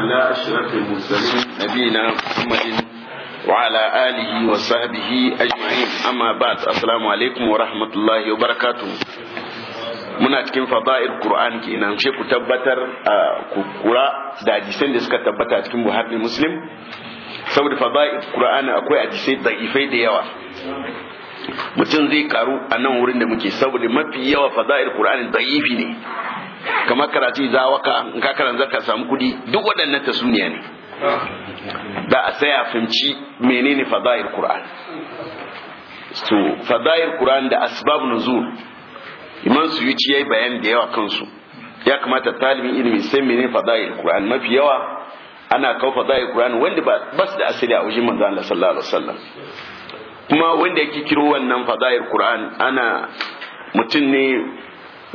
على أشرف المرسلين نبينا محمد وعلى آله وصحبه أجمعين أما بعد السلام عليكم الله وبركاته muna cikin fada'ir Qur'an kenan sai ku tabbatar ku kura da hadisan da suka tabbata cikin Buhari Muslim saboda fada'ir Qur'an akwai hadisai da'ifai da yawa mutum zai karu a nan wurin da muke saboda mafi yawa fada'ir Qur'an da'ifi ne kamar karatu waka in ka karanta ka samu kudi duk waɗannan suniya ne da a saya fahimci menene fadail qur'an to fadail qur'an da asbab nuzul su yi yayi bayan da yawa kansu ya kamata talibin ilimi sai menene fadail qur'an mafi yawa ana kawo fadail qur'an wanda ba bas da asali a wajen manzo Allah sallallahu alaihi wasallam kuma wanda yake kiro wannan fadail qur'an ana mutum ne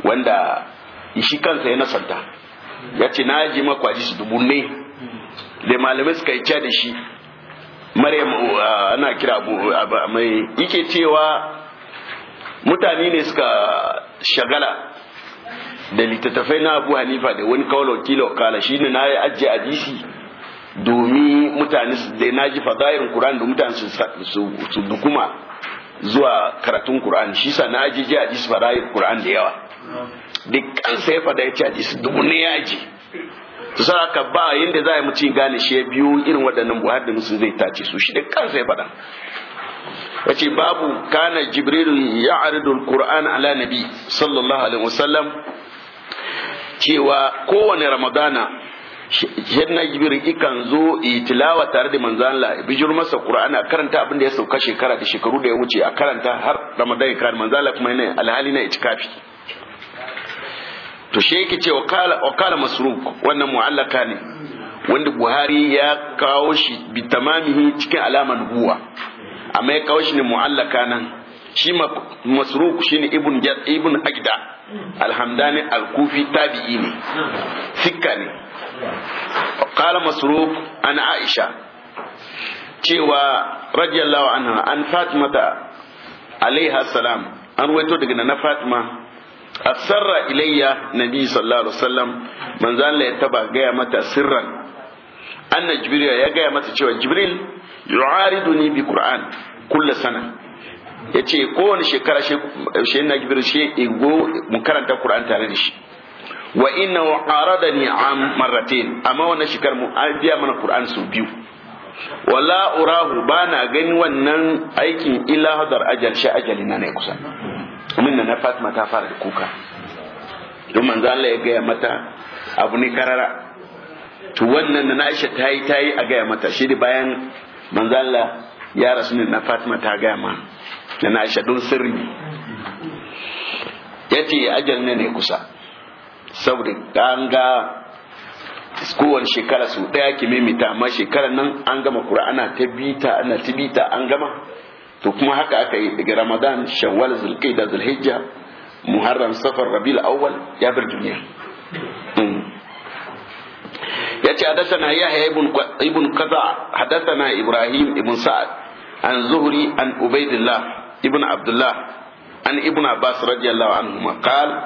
wanda shi kansa ya nasanta ya ce na ji maku su dubu ne da malamai suka yi da shi maryam ana kira abu mai yake cewa mutane ne suka shagala da littattafai na abu hanifa da wani kawo kilo kala shi ne na yi ajiye hadisi domin mutane su da na ji fadayin Kur'an da mutane su dukuma zuwa karatun Kur'an shi sa na ajiye hadisi fadayin Kur'an da yawa da kansa ya fada ya ce hadisi dubu ne ya ji su sa aka ba yadda za a mu ci gane shi biyu irin waɗannan buhar da musu zai tace su shi da kansa ya fada wace babu kana jibril ya aridul qur'an ala nabi sallallahu alaihi wasallam cewa kowane ramadana na jibirin ikan zo tilawa tare da manzan Allah bijir masa a karanta abin da ya sauka shekara da shekaru da ya wuce a karanta har ramadan ya kare manzan Allah kuma yana alhali na itikafi to shi yake ce kala masruk wannan mu'allaka ne wanda buhari ya kawo shi bi tamamihi cikin alaman huwa amma ya kawo shi ne mu'allaka nan shi masruk shi ne ibn ibn agda alhamdani alkufi tabi'i ne sikka ne kala masruk an aisha cewa radiyallahu anha an fatimata alaiha salam an waito daga na fatima asarra ilayya nabi sallallahu alaihi wasallam manzo Allah ya taba gaya mata sirran anna jibril ya gaya mata cewa jibril yu'ariduni bi qur'an kulla sana yace kowane shekara shi na jibril shi igo mu karanta qur'an tare da shi wa inna aradani am marratin amma wannan shekar mu an biya mana qur'an su biyu wala urahu bana gani wannan aikin ila hadar ajal shi ajalina na ne kusa domin na fatima ta fara da kuka don manzo Allah ya gaya mata abu ne karara to wannan na Aisha ta yi ta yi a gaya mata shi da bayan manzo Allah ya rasu ne na Fatima ta gaya ma na Aisha don sirri yace ajal ne ne kusa saboda ganga ga shekara su daya ki mimita amma shekarar nan an gama qur'ana ta bita ana ta an gama to kuma haka aka yi daga ramadan shawwal zulqaida zulhijja muharram safar rabiul awwal ya bar duniya hmm. yace hadathana yahya ibn ibn qaza hadathana ibrahim ibn sa'ad an zuhri an ubaidillah ibn abdullah an ibn abbas radiyallahu anhuma qala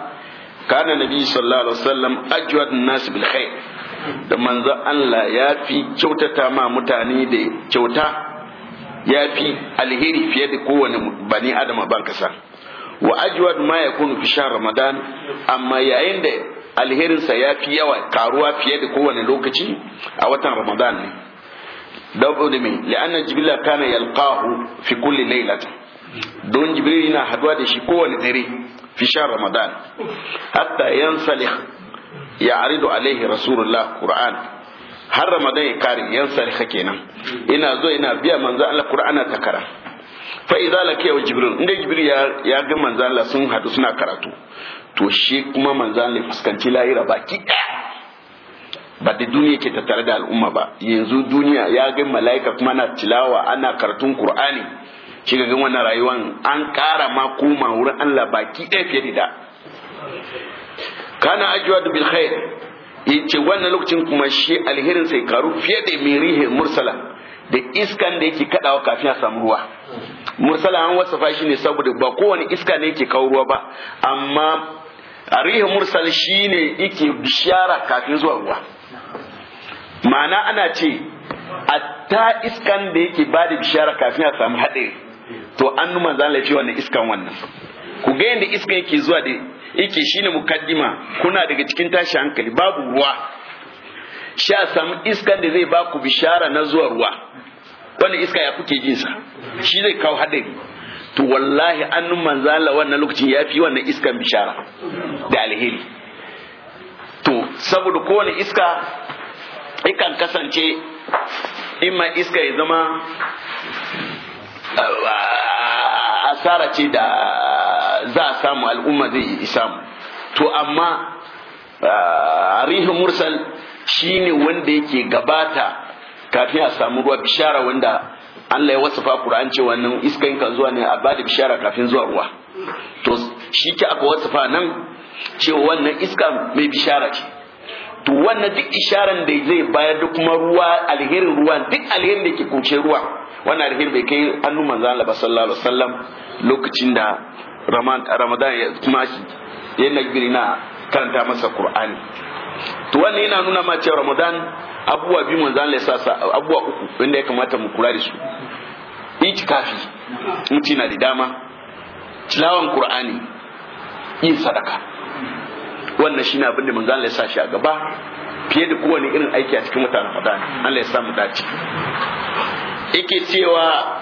kana nabi sallallahu alaihi wasallam ajwad nas bil khair da manzo Allah ya fi kyautata ma mutane da kyauta ya fi alheri fiye da kowane bani adama ban kasa wa ajwad ma yakunu fi shahr ramadan amma yayin da alherinsa ya fi yawa karuwa fiye da kowane lokaci a watan ramadan ne da mai li'an jibril kana yalqahu fi kulli laylat don jibril yana haduwa da shi kowane dare fi shahr ramadan hatta yansalih ya aridu alaihi rasulullah qur'an har ramadan ya kare yan sarika kenan ina zo ina biya manzo Allah qur'ana ta kara fa idza lakiya jibril inda jibril ya ya ga manzo Allah sun hadu suna karatu to shi kuma manzo Allah fuskanci lahira baki ba da duniya ke tattare da al'umma ba yanzu duniya ya ga mala'ika kuma na tilawa ana karatun qur'ani shi ga wannan rayuwar an kara ma koma wurin Allah baki ɗaya fiye da kana da bil khair yace wannan lokacin kuma shi alherin sai karu fiye da mirihir mursala da iskan da yake kadawa kafin a samu ruwa mursala an wasafa shi ne saboda ba kowane iska ne yake kawo ruwa ba amma arihi mursal shi ne yake bishara kafin zuwa ruwa ma'ana ana ce a ta iskan da yake ba da bishara kafin a samu haɗari to an numa zan laifi wannan iskan wannan ku ga yadda iska yake zuwa da yake shine mukaddima kuna daga cikin tashi hankali babu ruwa sha samu iskan da zai baku bishara na zuwa ruwa wani iska ya kuke jinsa shi zai kawo hadari to wallahi manzo Allah wannan lokacin ya fi wannan iskan bishara da alheri to saboda kowane iska ikan kasance imma iska ya zama asara ce da za a samu al'umma zai samu to amma arihin mursal shine wanda yake gabata kafin a samu ruwa bishara wanda Allah ya wasafa Qur'an ce wannan iskan kan zuwa ne a bada bishara kafin zuwa ruwa to shi ke aka wasafa nan cewa wannan iska mai bishara ce to wannan duk isharan da zai bayar da kuma ruwa alherin ruwa duk alherin da ke kuce ruwa wannan alherin bai kai annu manzo Allah sallallahu alaihi wasallam lokacin da ramadan ya kuma yana gini na karanta masa qur'ani to wannan yana nuna ma cewa ramadan abubuwa biyu manzo Allah ya sa abubuwa uku inda ya kamata mu kula da su itikafi mutum na da dama tilawan qur'ani yin sadaka wannan shine abin da manzo Allah ya sa shi a gaba fiye da kowane irin aiki a cikin mutanen Ramadan Allah ya sa mu dace yake cewa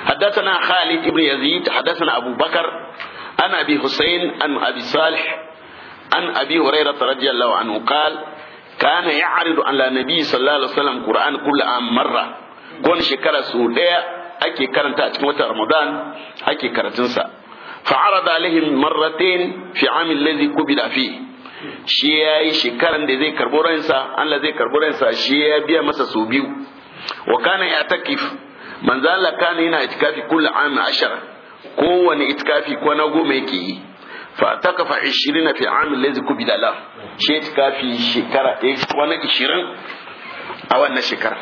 حدثنا خالد بن يزيد حدثنا أبو بكر an abi husayn an abi salih an abi hurairah radiyallahu anhu qala kana ya'ridu ala nabi sallallahu alaihi wasallam qur'an kullu am marra kon shekara su daya ake karanta a cikin watan ramadan ake karatun sa fa arada alaihim marratain fi am alladhi qubila fi shi yayi shekaran da zai karbo ransa Allah zai karbo ransa shi ya biya masa su biyu wa kana ya'takif manzo Allah kana yana itikafi kullu am ashara kowane itikafi kwana goma yake yi fa ta kafa ishirin fi amin lezi kubi da la shi itikafi shekara kwana ishirin a wannan shekara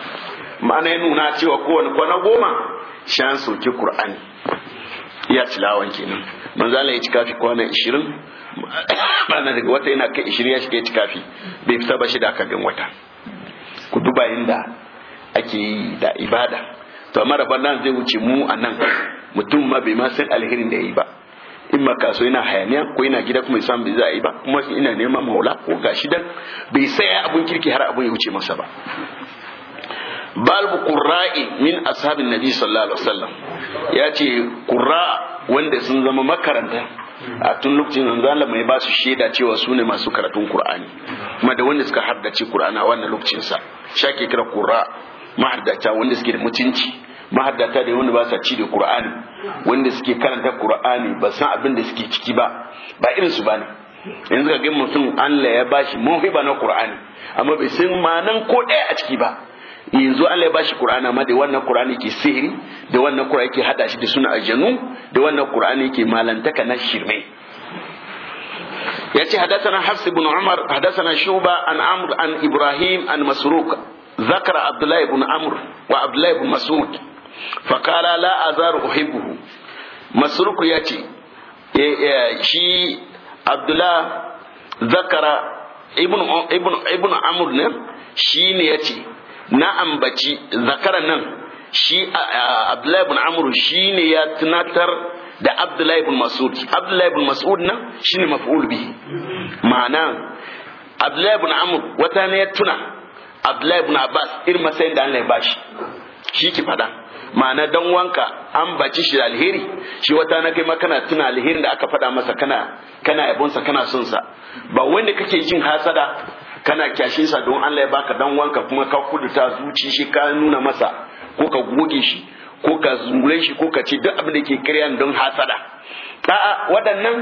ma'ana ya nuna cewa kowane kwana goma shan soke qur'ani iya tilawan kenan manzala ya itikafi kwana ishirin na daga wata yana kai ishirin ya shiga itikafi bai fita ba shi da bin wata ku duba inda ake yi da ibada to amma nan zai wuce mu a nan mutum ma bai ma san alherin da ya yi ba in ma kaso yana hayaniya ko yana gida kuma san bai za a yi ba kuma ina neman maula ko gashi dan bai saya abun kirki har abun ya wuce masa ba balbu qurra'i min ashabin nabi sallallahu alaihi wasallam ya ce qurra wanda sun zama makaranta a tun lokacin zan mai ba su shaida cewa su ne masu karatun qur'ani kuma da wanda suka haddace qur'ana wannan lokacin sa shake kira qurra mahaddata wanda suke da mutunci mahaddata da wanda ba sa ci da Qur'ani wanda suke karanta Qur'ani ba san abin da suke ciki ba ba irin su bane yanzu ka ga mutum Allah ya bashi mawhiba na Qur'ani amma bai san manan ko ɗaya a ciki ba yanzu Allah ya bashi Qur'ani amma da wannan Qur'ani ke sihiri da wannan Qur'ani ke hada shi da suna ajanu, da wannan Qur'ani ke malantaka na shirme yace hadathana Hafs ibn Umar hadathana Shuba an Amr an Ibrahim an Masruq ذكر عبد الله بن عمرو وعبد الله بن fakala la azar uhibbuhu masruku ya e, e, shi abdullah zakara Ibnu amr ne shi ne yati na ambaci zakara nan shi abdullahi ibn amr shi ne ya tunatar da abdullahi ibn mas'ud abdullahi ibn mas'ud nan shi ne maf'ul bihi ma'ana abdullahi ibn amr wata ne ya tuna abdullahi ibn abbas irin matsayin da Allah ya bashi shi ki fada ma'ana dan wanka an baci shi alheri shi wata na kai ma kana tuna alherin da aka faɗa masa kana kana yabonsa kana son sa ba wanda kake jin hasada kana kyashin sa don Allah ya baka dan wanka kuma ka kuduta zuci shi ka nuna masa ko ka goge shi ko ka zure shi ko ka ce duk abin da ke kiryan don hasada a'a waɗannan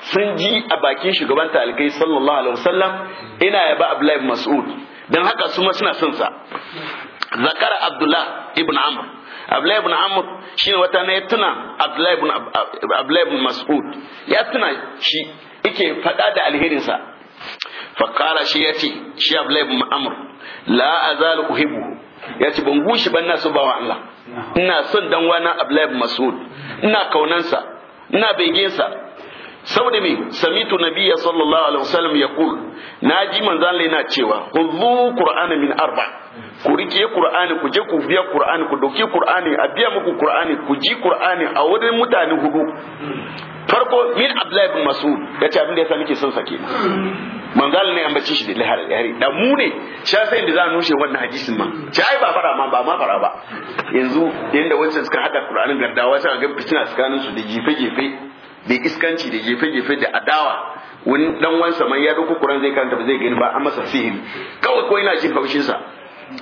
sun ji a bakin shugaban talibai sallallahu alaihi wasallam ina yaba Abdullahi Mas'ud dan haka su ma suna son sa zakara Abdullah ibn Amr Abdullahi ibn Amr shine wata ne ya tuna Abdullahi ibn Abdullahi ibn Mas'ud ya tuna shi yake fada da alherin sa fa qala shi yace shi Abdullahi ibn Amr la azal uhibbu yace ban gushi ban na so bawa Allah ina son dan wana Abdullahi ibn Mas'ud ina kaunansa ina begensa saboda me samitu nabiyya sallallahu alaihi wasallam yaqul naji manzon Allah yana cewa khudhu qur'ana min arba' ku rike Qur'ani ku je ku biya Qur'ani ku doki Qur'ani a biya muku Qur'ani ku ji Qur'ani a wurin mutane hudu farko min abdullahi bin Mas'ud yace abin da yasa nake son sake. manzal mangal ne an bace shi da lahar yare da mu ne sha sai da za a nushe wannan hadisin ma ci ai ba fara ma ba ma fara ba yanzu yanda wancan suka hada Qur'anin gardawa sai ga fitina tsakanin su da jefe-jefe da iskanci da jefe-jefe da adawa wani dan wansa man ya dauko Qur'an zai karanta ba zai gani ba an masa sihiri kawai ko ina jin haushin sa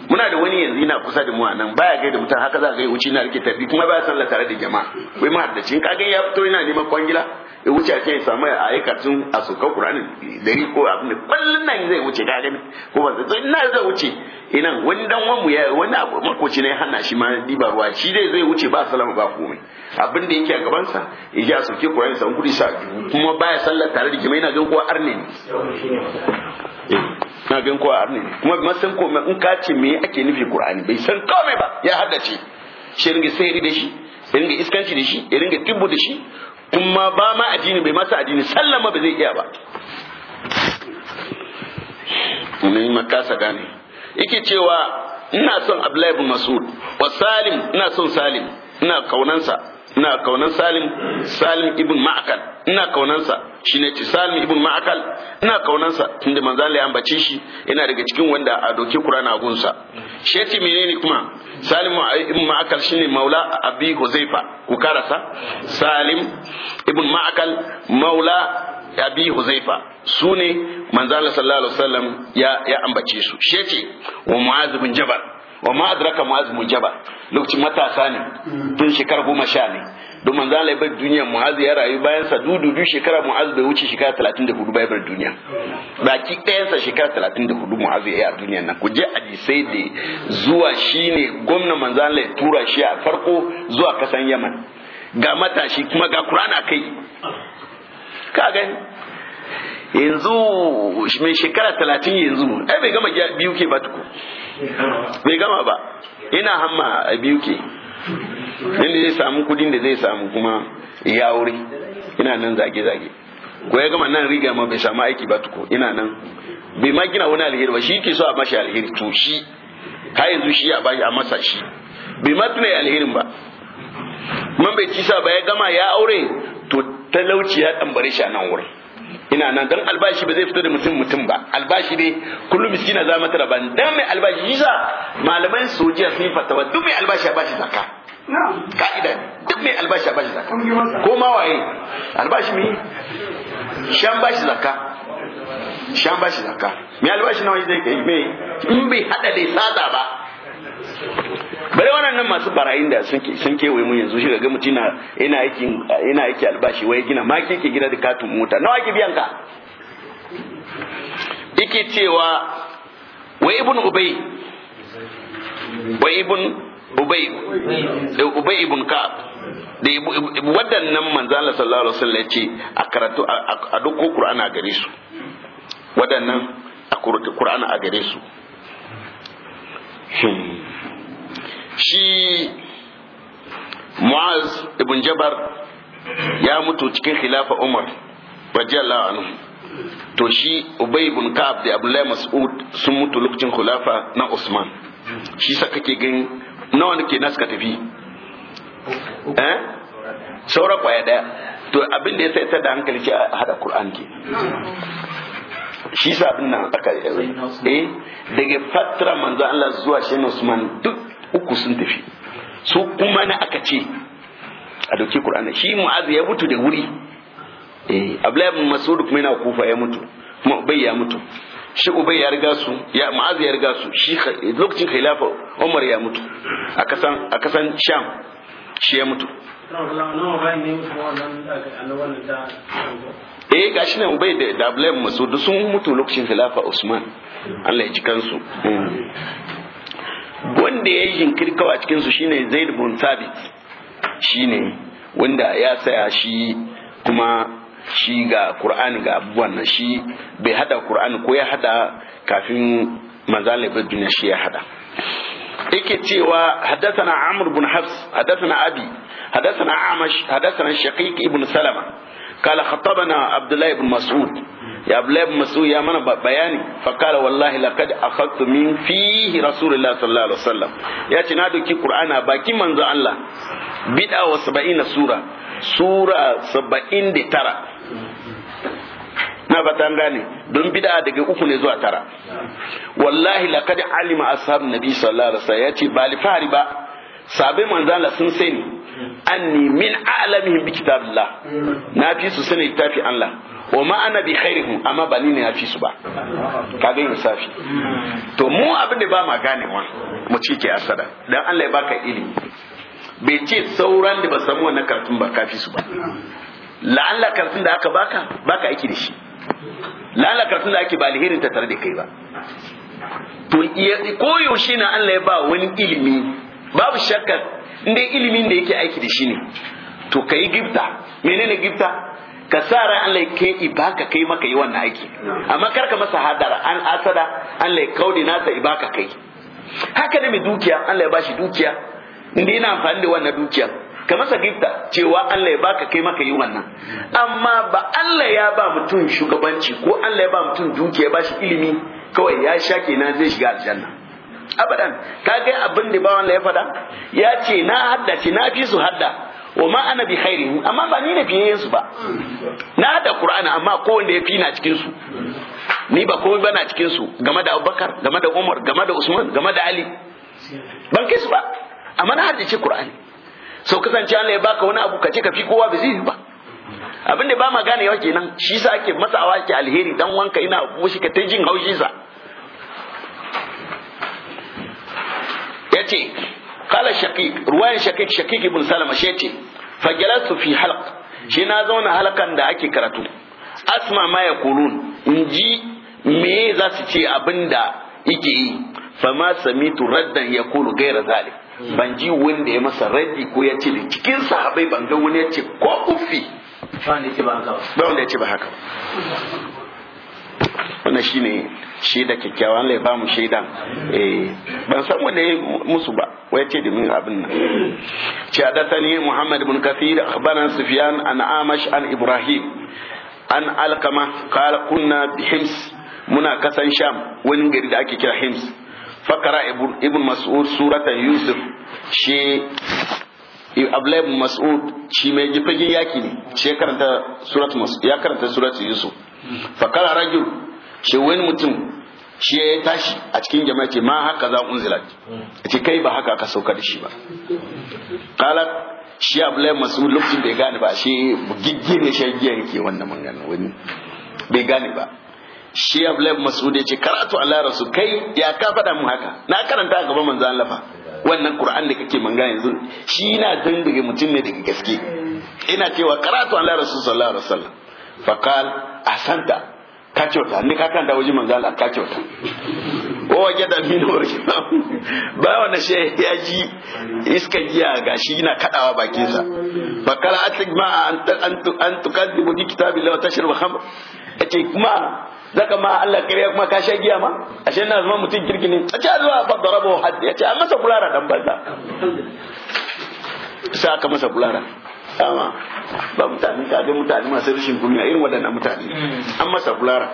muna da wani yanzu yana kusa da mu a nan baya gaida mutan haka za ka yi wuce na rike tarbi kuma baya sallah tare da jama'a wai ma ka ga ya fito yana neman kwangila ya wuce a ce ya samu a yi karatun a sauka Qur'ani dari ko abin da kullun nan zai wuce ka gani ko ba zai na zai wuce ina wani dan wan ya wani abu makoci ne hana shi ma diba ruwa shi dai zai wuce ba salama ba komai abin da yake a gaban sa ya ji a sauke Qur'ani san kudi sa kuma baya sallar tare da jama'a na gan kowa arne ne eh, na gan kowa arne ne kuma ba san ko in ka ce me ake nufi ƙur'ani bai san komai ba ya haddace shi ringa sayar da shi ya ringa iskanci da shi ya ringa tibbu da shi in ma ba ma addini bai masa addini sallama ba zai iya ba mun makasa gane yake cewa ina son Abdullahi bin Mas'ud wa Salim ina son Salim ina kaunansa ina kaunan Salim Salim ibn Ma'kan ina kaunansa shine Tisal ibn Ma'akal ina kaunansa tunda manzo Allah ya ambace shi yana daga cikin wanda a doke qur'ana a gunsa sheti menene kuma Salim ibn Ma'akal shine Maula Abi Huzaifa ku karasa Salim ibn Ma'akal Maula abi huzaifa su ne manzala sallallahu alaihi wasallam ya ya ambace su sheti wa mu'az bin jabal wa ma adraka mu'az bin jabal lokacin matasa ne tun shekara goma sha ne don manzo Allah ya bar duniya Mu'az ya rayu bayan sa dudu du shekara Mu'az bai wuce shekara 34 bai bar duniya baki ɗayan sa shekara 34 Mu'az ya yi duniya nan ku je sai da zuwa shine gwamna manzo Allah ya tura shi a farko zuwa kasan Yaman ga matashi kuma ga Qur'ana kai ka gani yanzu mai shekara talatin yanzu ai bai gama biyu ke ba tuku bai gama ba ina hamma a biyu ke da zai samu kudin da zai samu kuma ya wuri ina nan zage-zage ko ya gama nan riga ma bai samu aiki ba tuko ina nan bai ma gina wani alheri ba shi ke so a mashi alheri to shi har yanzu shi a bashi a masa shi bai ma tuna alherin ba man bai sa ba ya gama ya aure to talauci ya tambare shi a nan wurin ina nan dan albashi ba zai fito da mutum mutum ba albashi ne kullum miskina za mata raban dan mai albashi shi sa malaman sojiya sun yi fatawa duk mai albashi ya bashi zakka ka'ida duk mai albashi a bashi ko ma waye albashi mi shan bashi zaka shan bashi zaka mai albashi nawa zai kai mai in bai hada da tsada ba bare wannan nan masu barayin da sun sun kewaye mun yanzu shi ga mutum yana aiki yana aiki albashi wai gina ma kike gida da katun mota nawa ke biyan ka yake cewa wa ibn ubay wa ibn ubay ubay ibn ka'ab da waɗannan manzo Allah sallallahu alaihi wasallam yace a karatu a duk Qur'ana a gare su waɗannan a Qur'ana a gare su hmm. shi Mu'az ibn Jabar ya mutu cikin khilafa Umar radiyallahu anhu to shi Ubay ibn Ka'ab da Abdullahi Mas'ud sun mutu lokacin khilafa na Usman shi sa kake ganin. nawa ke nasu ka tafi eh saura kwaya daya to abin da ya sai ta da hankali ce a hada qur'an ke shi sa abin nan aka yi eh daga fatra manzo Allah zuwa shi Usman duk uku sun tafi su kuma na aka ce a dauke qur'an shi mu'azu ya mutu da wuri eh abdullahi bin mas'ud kuma yana kufa ya mutu kuma bai ya mutu shi ubay ya riga su ya ma'az ya riga su shi lokacin khilafa umar ya mutu a kasan a kasan sham shi ya mutu eh gashi ne ubay da dablem masu duk sun mutu lokacin khilafa usman Allah ya ji kansu hmm. wanda ya yi jinkiri kawai a cikinsu shine zaid bin sabit shine wanda ya saya shi kuma shi ga Qur'an ga abubuwan nan shi bai hada Qur'an ko ya hada kafin manzan laifin duniya shi ya hada yake cewa haddathana Amr ibn Hafs haddathana Abi haddathana Amash haddathana Shaqiq ibn Salama kala khatabana abdullahi ibn ya abdullahi ibn ya mana bayani fa kala wallahi laqad akhadtu min fihi rasulullah sallallahu alaihi wasallam ya ce na doki qur'ana bakin manzo Allah bid'a wa sab'ina sura sura 79 na ba gane don bid'a daga uku ne zuwa tara wallahi laqad alima ashab nabi sallallahu alaihi wasallam yace ba lifari ba sabai manzala sun sani anni min alamihim bi kitabillah na fi su sani littafi Allah wa ma ana bi khairihim amma ba ni ne na fi su ba kaga insafi to mu abin da ba ma ganewa mu ci ke asada dan Allah ya baka ilimi bai ce sauran da ba samu wannan karatun ba kafi su ba la'alla karatun da aka baka baka aiki da shi la'alla karatun da ake ba alherin ta tare da kai ba to koyaushe na Allah ya ba wani ilimi babu shakka inda ilimin da yake aiki da shi ne to ka yi gifta menene gifta ka sa ran Allah ke ibaka kai maka yi wannan aiki amma kar ka masa hadara an asada Allah ya kaudi nasa ibaka kai haka ne mai dukiya Allah ya bashi dukiya inda yana amfani da wannan dukiya ka masa gifta cewa Allah ya baka kai maka yi wannan amma ba Allah ya ba mutum shugabanci ko Allah ya ba mutum dukiya ya bashi ilimi kawai ya sha kenan zai shiga aljanna abadan ka ga abin da ba wanda ya faɗa ya ce na ce na fi su hadda wa ma ana bi khairi amma ba ni ne fiye su ba na hadda qur'ani amma ko wanda ya fi na cikin su ni ba komai na cikin su game da Abubakar game da Umar game da Usman game da Ali ban kai su ba amma na ce qur'ani so kasance Allah ya baka wani abu ka ce ka fi kowa ba zai ba abin da ba ma ganewa kenan shi sa ake masa awaki ke alheri dan wanka ina mushi ka ta jin haushi sa yace kala shaqiq ruwayan shaqiq shaqiq ibn salama shi yace fa jalastu fi halq shi na zauna halkan da ake karatu asma ma yaqulun inji me za su ce abinda yake yi fa ma samitu raddan yaqulu ghayra zalik ban ji wanda ya masa raddi ko ya ce da cikin sahabai ban ga wani ya ce ko ufi ba wanda ya ce ba haka wannan shine shi da kyakkyawan ya ba mu shaidan eh ban san wanda ya musu ba wai ce domin abin nan ce hadathani muhammad ibn kathir akhbarana sufyan an amash an ibrahim an alkama qala kunna bi hims muna kasan sham wani gari da ake kira hims fakara ibn mas'ud suratan yusuf shi Abdullahi ibn Mas'ud shi mai jifagin yaki ne shi ya karanta surat ya karanta surat Yusuf fakara rajul ce wani mutum shi ya tashi a cikin jama'a ce ma haka za unzilat ce kai ba haka ka sauka da shi ba kala shi abulai masu lokacin bai gane ba shi gigge ne shi giya yake wannan magana wani bai gane ba shi abulai masu da ce karatu Allah rasu kai ya ka faɗa mu haka na karanta a gaban manzan lafa wannan qur'an da kake mangana yanzu shi na dandige mutum ne daga gaske ina cewa karatu Allah rasu sallallahu alaihi wasallam qal ahsanta ka kyauta ni ka kan da wajen manzo Allah ka kyauta ko wage da min ba wannan shi ya ji iska giya gashi yana kadawa bakin sa fa kala atligma an an tukadibu bi kitabillahi wa tashrabu khamr ace kuma zaka ma Allah kare kuma ka sha giya ma ashe ina zama mutum kirki ne ace Allah ba darabo haddi ace an masa kulara dan banza sai aka masa kulara kama ba mutane ga mutane masu rashin kunya irin waɗannan mutane hmm. an masa fulara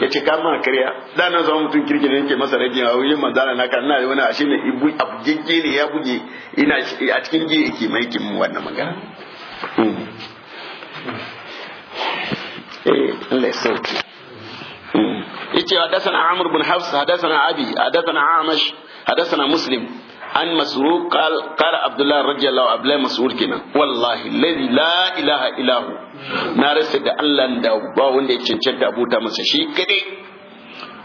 ya ce kama karya da nan zama mutum kirki ne yake masa rage a wurin manzana na kan nayi wani ashe ne abu gege ne ya buge ina a cikin ge ke mai yake wannan magana hmm. eh Allah ya sauke hmm. yace hadathana amr bin hafs hadathana abi hadathana amash hadathana muslim an masuru qal qala abdullah radiyallahu abdullah masuru kenan wallahi ladhi la ilaha ilahu na rasa da Allah da ba wanda ya cancanta abuta masa shi gade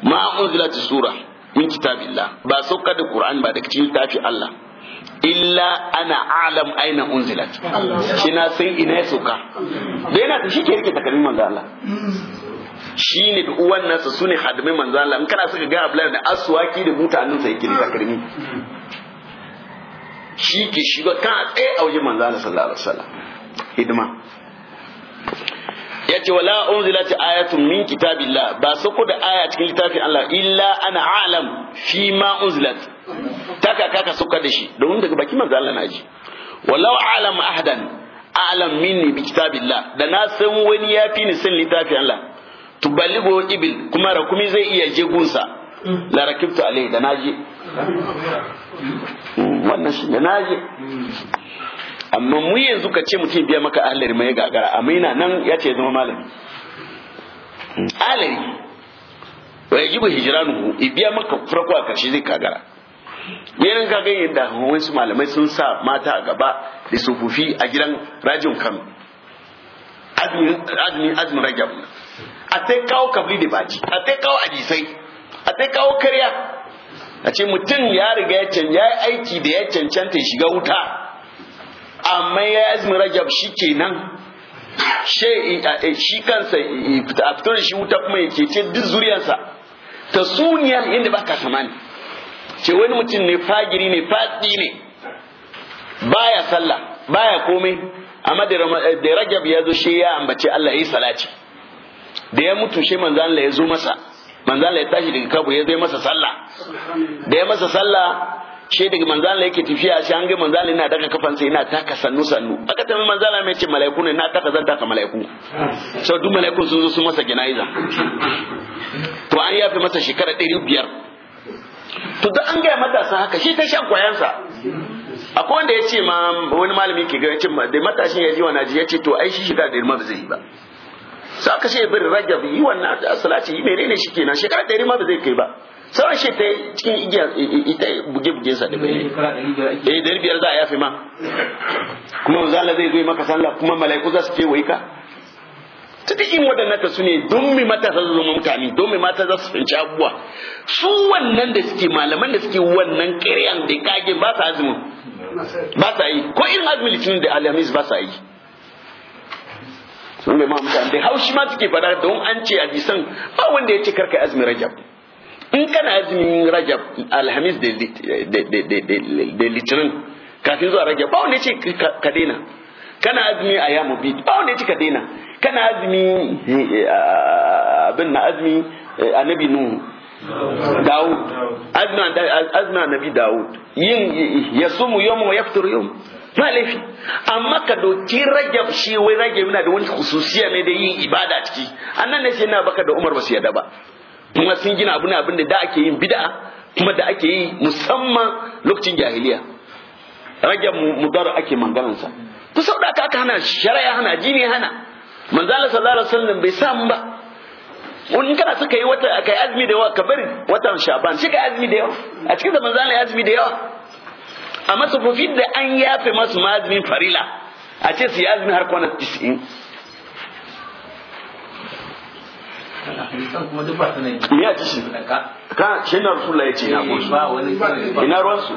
ma ta sura min kitabillah ba sauka da qur'an ba da cikin tafi Allah illa ana alam aina unzilat shi na san ina ya sauka da yana shi ke rike takalmin manzo Allah shi ne da uwan nasa su ne hadimai manzo Allah in kana suka ga ablar da aswaki da mutanen sa yake da takalmi shi ke shiga kan tsaye a wajen manzo Allah sallallahu alaihi wasallam hidima yace wala unzilat ayatun min kitabillah ba sako da aya cikin littafin Allah illa ana alam fi ma unzilat taka kaka suka da shi domin daga baki manzo Allah na ji walau alam ahadan alam minni bi kitabillah da na san wani yafi ni san littafin Allah tubaligo ibil kuma rakumi zai iya je gunsa la rakibtu alai da naji wannan shi ne naje amma mu yanzu ka ce mutum biya maka ahlari mai gagara amma yana nan ya ce zama malami ahlari wa hijiranu ku biya maka farko a karshe zai kagara yayin ka ga yadda wasu malamai sun sa mata a gaba da sufufi a gidan rajin kano azmi azmi rajab a sai kawo kabli da baji a sai kawo ajisai a sai kawo karya a ce mutum ya riga ya can ya aiki da ya cancanta shiga wuta amma ya azumin rajab shi nan eh, shi kansa eh, a fitar da shi wuta kuma ya kece duk zuriyarsa ta suniyar inda ba ka samani ce wani mutum ne fagiri ne fatsi ne baya sallah baya komai amma eh, da rajab ya zo shi ya ambace Allah ya yi salati da ya mutu shi manzo Allah ya zo masa manzala ya tashi daga kabur ya zai masa sallah da ya masa sallah she daga manzala yake tafiya shi an ga manzala yana daga kafansa yana taka sannu sannu aka tambayi manzala mai ce malaiku ne na taka zan taka malaiku sau duk malaikun sun zo su masa gina'iza to an yafe masa shekara ɗari biyar to da an gaya matasa haka shi ta shan kwayansa akwai wanda ya ce ma wani malami ke ga ya ce da matashin ya ji wa naji ya ce to ai shi shiga da irma ba zai yi ba sai aka ce ibn rajab yi wannan salati yi menene shi kenan shekara ɗari ma ba zai kai ba sai shi ta cikin igiya ita buge buge sa da bai eh dari biyar za a yafe ma kuma zalla zai zo maka sallah kuma mala'iku za su ce wai ka in waɗannan ka sune don me mata za su zama mutane don me mata za su fahimci abubuwa su wannan da suke malaman da suke wannan ƙaryan da kage ba sa azumin ba sa yi ko irin azumin litinin da alhamis ba sa yi sun bai ma mutane da haushi ma suke fada da wani an ce a bisan ba wanda ya ce karka azumin rajab in kana azumin rajab alhamis da litinin kafin zuwa rajab ba wanda ya ce ka daina kana azumi a yamu bi ba wanda ya ce ka daina kana azumi eh, abin na azumi eh, annabi nuhu Dawud azna nabi Dawud yin eh, yasumu yawma wa yaftiru yawm ba laifi amma ka doki rajab shi wai rage muna da wani khususiya ne da yin ibada ciki annan ne sai na baka da Umar basu yadda ba kuma sun gina abin abin da da ake yin bid'a kuma da ake yi musamman lokacin jahiliya rajab mudar ake sa. ku sauda ka aka hana shari'a hana jini hana manzala sallallahu alaihi wasallam bai samu ba in kana suka yi wata kai azumi da yawa ka bari watan sha'ban shi kai azumi da yawa a cikin da manzala ya azumi da yawa a tsofaffi da an yafe masu mazumin farila a ce su yi azumi har kwanar 90 ya ci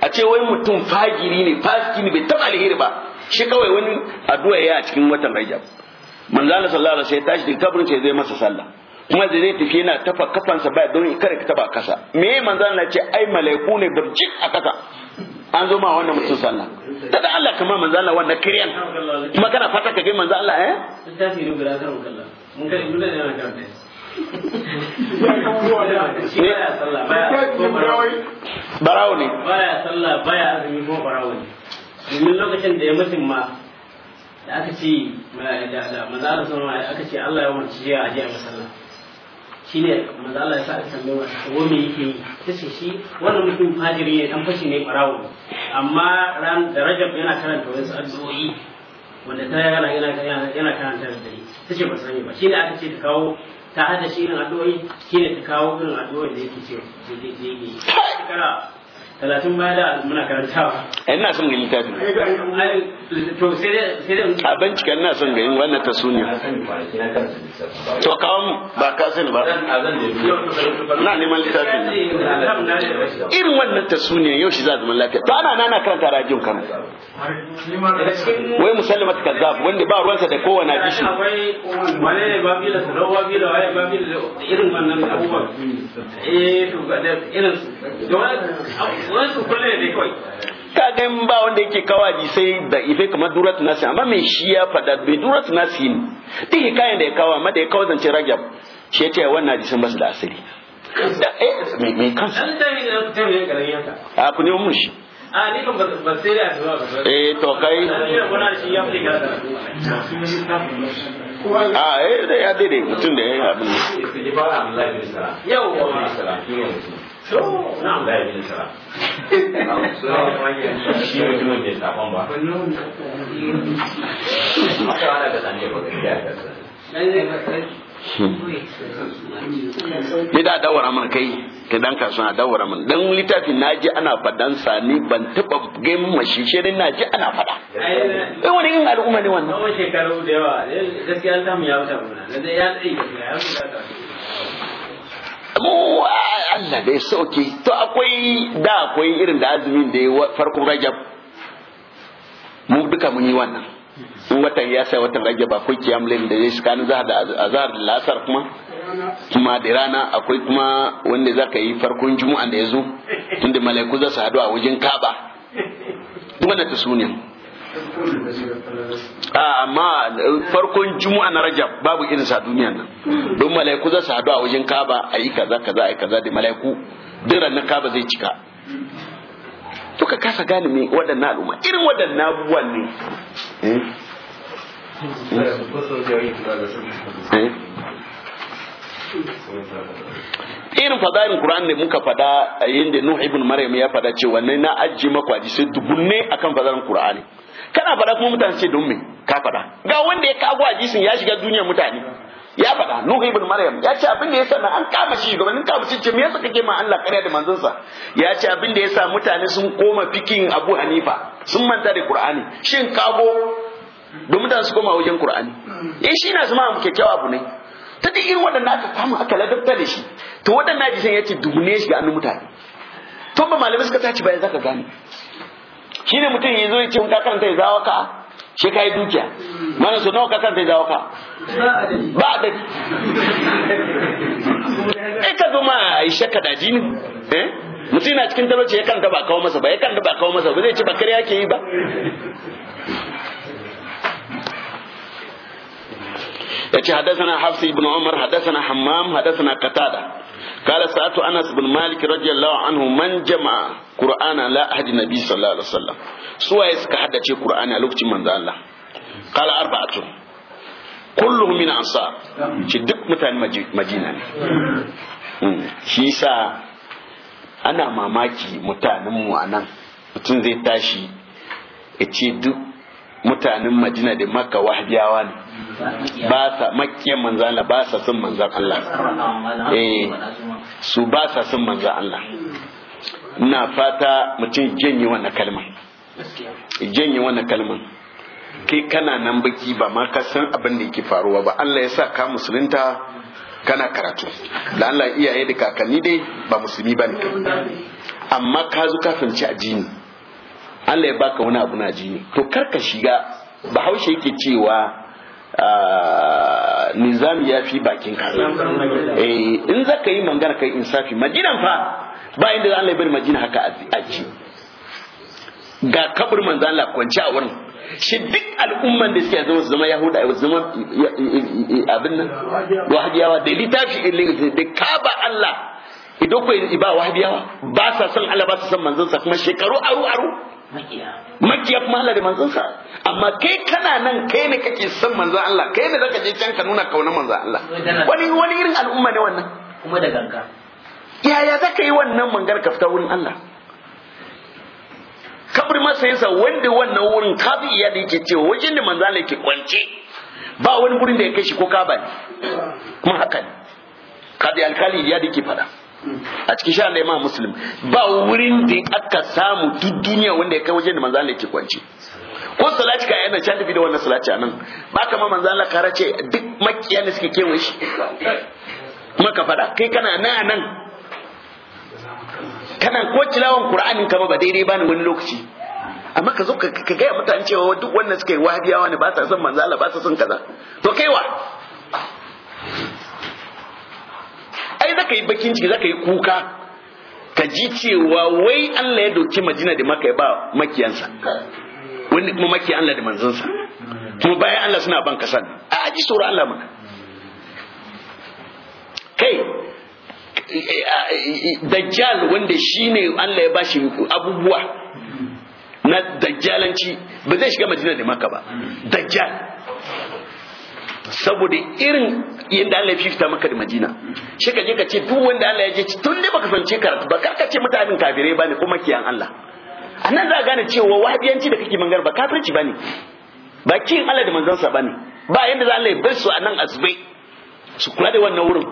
a ce wai mutum fagiri ne fasiki ne bai taba alheri ba shi kawai wani addu'a ya a cikin watan rajab Allah sallallahu alaihi wasallam sai tashi kabrin sai zai masa sallah kuma da zai tafi yana tafa kafansa baya don kare ka taba kasa me manzala na ce ai malaiku ne burjik a kasa an zo ma wannan mutum sallah da da Allah manzo Allah wannan kiryan kuma kana fata ka ga manzo Allah eh tasiri Allah mun barawo ne baya sallah baya azumi ko barawo ne domin lokacin da ya mutum ma da aka ce da manzo Allah aka ce Allah ya umarci ya aje a masallaci shi ne manzo Allah ya sa aka tambaye masa ko me yake yi ta ce shi wannan mutum fajiri ne dan fashi ne barawo amma ran da Rajab yana karanta wasu addu'o'i wanda ta yana yana yana karanta da dare ce ba sani ba shi ne aka ce ta kawo ta hada shi irin addu'o'i shi ne ta kawo irin addu'o'i da yake ce da yake yi talatin baya da muna karantawa ina son to sai dai sai dai a son wannan to kawo ba ka sani ba na neman littafi irin wannan tasuniya yau shi za a zama lafiya to ana nana karanta rajin kan. wai ta wanda ba ruwansa da kowane bishi kaga in ba wanda yake kawaji sai da ife kamar durat nasi amma mai shi ya fada bai durat nasi ne duk kayan da ya kawo amma da ya kawo zance rajab shi ya ce wannan hadisin basu da asiri da eh mai mai kansa a ku nemo mun shi a ni kan ba sai da eh to kai a eh da ya daidai mutum da ya yi abin yau ba ba So, da yi nasara. Shi ta ba. ga ba kai ta dan kasuwa dawar dan littafin ji ana fadan sa ni ban taba gain mashi shi na ji ana fada. Eh wani in al'umma ne wannan. wani shekaru da yawa eh, gaskiya ta mu ya wuta mun. Da ya tsaye ya wuta. Allah dai sauke to akwai da akwai irin da azumin da ya farkon rajab mu duka mun yi wannan in watan ya sai watan rajab akwai kiyam lail da ya shiga za da azhar da lasar kuma kuma da rana akwai kuma wanda zaka yi farkon juma'a da ya zo tunda malaiku za su hadu a wajen kaba wannan ta a amma eh, farkon juma'a na rajab babu irin sa duniya nan don malaiku za su hadu a wajen kaba a yi kaza kaza a yi kaza da malaiku duk ranar kaba zai cika to ka kasa gane me waɗannan al'umma irin waɗannan abubuwan ne eh? Eh? irin fadarin Qur'an ne muka fada yayin da Nuh ibn Maryam ya fada cewa na ajiye maku sai dubunne akan fadar Qur'ani kana faɗa kuma mutane ce don me ka faɗa ga wanda ya kago a jisin ya shiga duniyar mutane ya faɗa Nuhu ibn Maryam ya ce abin da yasa na an kama shi gabanin kama shi ce me yasa kake ma Allah ƙarya da manzonsa ya ce abin da yasa mutane sun koma fikin Abu Hanifa sun manta da Qur'ani shin kago don mutane su koma wajen Qur'ani eh shi na zama mu kyakkyawa abu ne ta da irin waɗanda aka kama aka ladabta da shi to waɗannan hadisan ya ce dubune shi ga annu mutane to ba malamai suka tace bayan zaka gane shi ne mutum ya zo ya ce ka karanta ya zawo ka shi ka yi dukiya mana su nawa ka karanta ya zawo ka ba da eh ka zo ma aisha ka daji ne eh mutum yana cikin talauci ya kanta ba kawo masa ba ya kanta ba kawo masa ba zai ce bakar kariya ke yi ba ce hadasana hafsi ibn umar hadasana hammam hadasana katada قال سألت أنس بن مالك رضي الله عنه من جمع قرآن لا أحد النبي صلى الله عليه وسلم سوى يسكى حتى شيء قرآن لوقت من ذا الله قال أربعة كلهم من أنصار شدك متان مدينة شيسا أنا mamaki mutanenmu a nan mutum zai تاشي ya ce duk mutanen madina da maka wahabiyawa ne ba sa makiyan manzan ba sa sun manzan Allah eh su ba sa son manzo Allah na fata mutum janye wannan kalma janye wannan kalma kai kana nan baki ba ma ka san abin da yake faruwa ba Allah ya sa ka musulunta kana karatu da Allah iyaye da kakanni dai ba musulmi ba ne amma ka zo ka fahimci addini Allah ya baka wani abu na addini to kar ka shiga bahaushe yake cewa Ah, nizami ya fi bakin ka eh, in za ka yi mangana kai insafi majinan fa ba inda za Allah ya bari majina haka a ci ga kabur manzan Allah kwanci a wurin shi duk al'umman da suke zama zama yahuda su zama abin nan wahabiyawa da littafi da kaba Allah idan ku ba wahabiyawa ba sa son Allah ba sa son manzansa kuma shekaru aru aru makiya kuma Allah da manzansa amma kai kana nan kai ne kake son manzan Allah kai ne zaka je can ka nuna kauna manzan Allah wani wani irin al'umma ne wannan kuma da ganga yaya zaka yi wannan mangar ka fita wurin Allah kabri sai sa wanda wannan wurin kabi ya da yake cewa wajen da manzan Allah yake kwance ba wani gurin da ya kai shi ko kaba ne kuma haka ne kabi alkali ya da yake fada a cikin sha Allah imam muslim ba wurin da aka samu duk duniya wanda ya kai wajen da manzo Allah yake kwance ko salati ka yana can tafi da wannan salati anan ba kamar manzo Allah kara ce duk makiya ne suke kewaye shi kuma ka fada kai kana nan nan kana ko tilawan qur'anin kama ba daidai bani wani lokaci amma ka zo ka gaya mutane cewa duk wannan suka yi wahabiyawa ne ba sa son manzo Allah ba sa son kaza to kaiwa ai ka yi bakin ciki zaka yi kuka ka ji cewa wai Allah ya doki Madina da maka ya ba makiyansa wani kuma maki Allah da manzansa kuma bayan Allah suna ban kasan a ji tsoron Allah maka kai dajjal wanda shine Allah ya bashi abubuwa na dajjalanci ba zai shiga Madina da maka ba dajjal saboda irin yadda Allah ya fifita maka da Madina shi ka je ka ce duk wanda Allah ya je ci tun da baka fahimci karatu ba ka ce mutanen kafirai bane kuma kiyan Allah anan za ka gane cewa wahabiyanci da kake mangar ba kafirci bane ba kiyan Allah da sa bane ba yanda za Allah ya bar su a nan asbai su kula da wannan wurin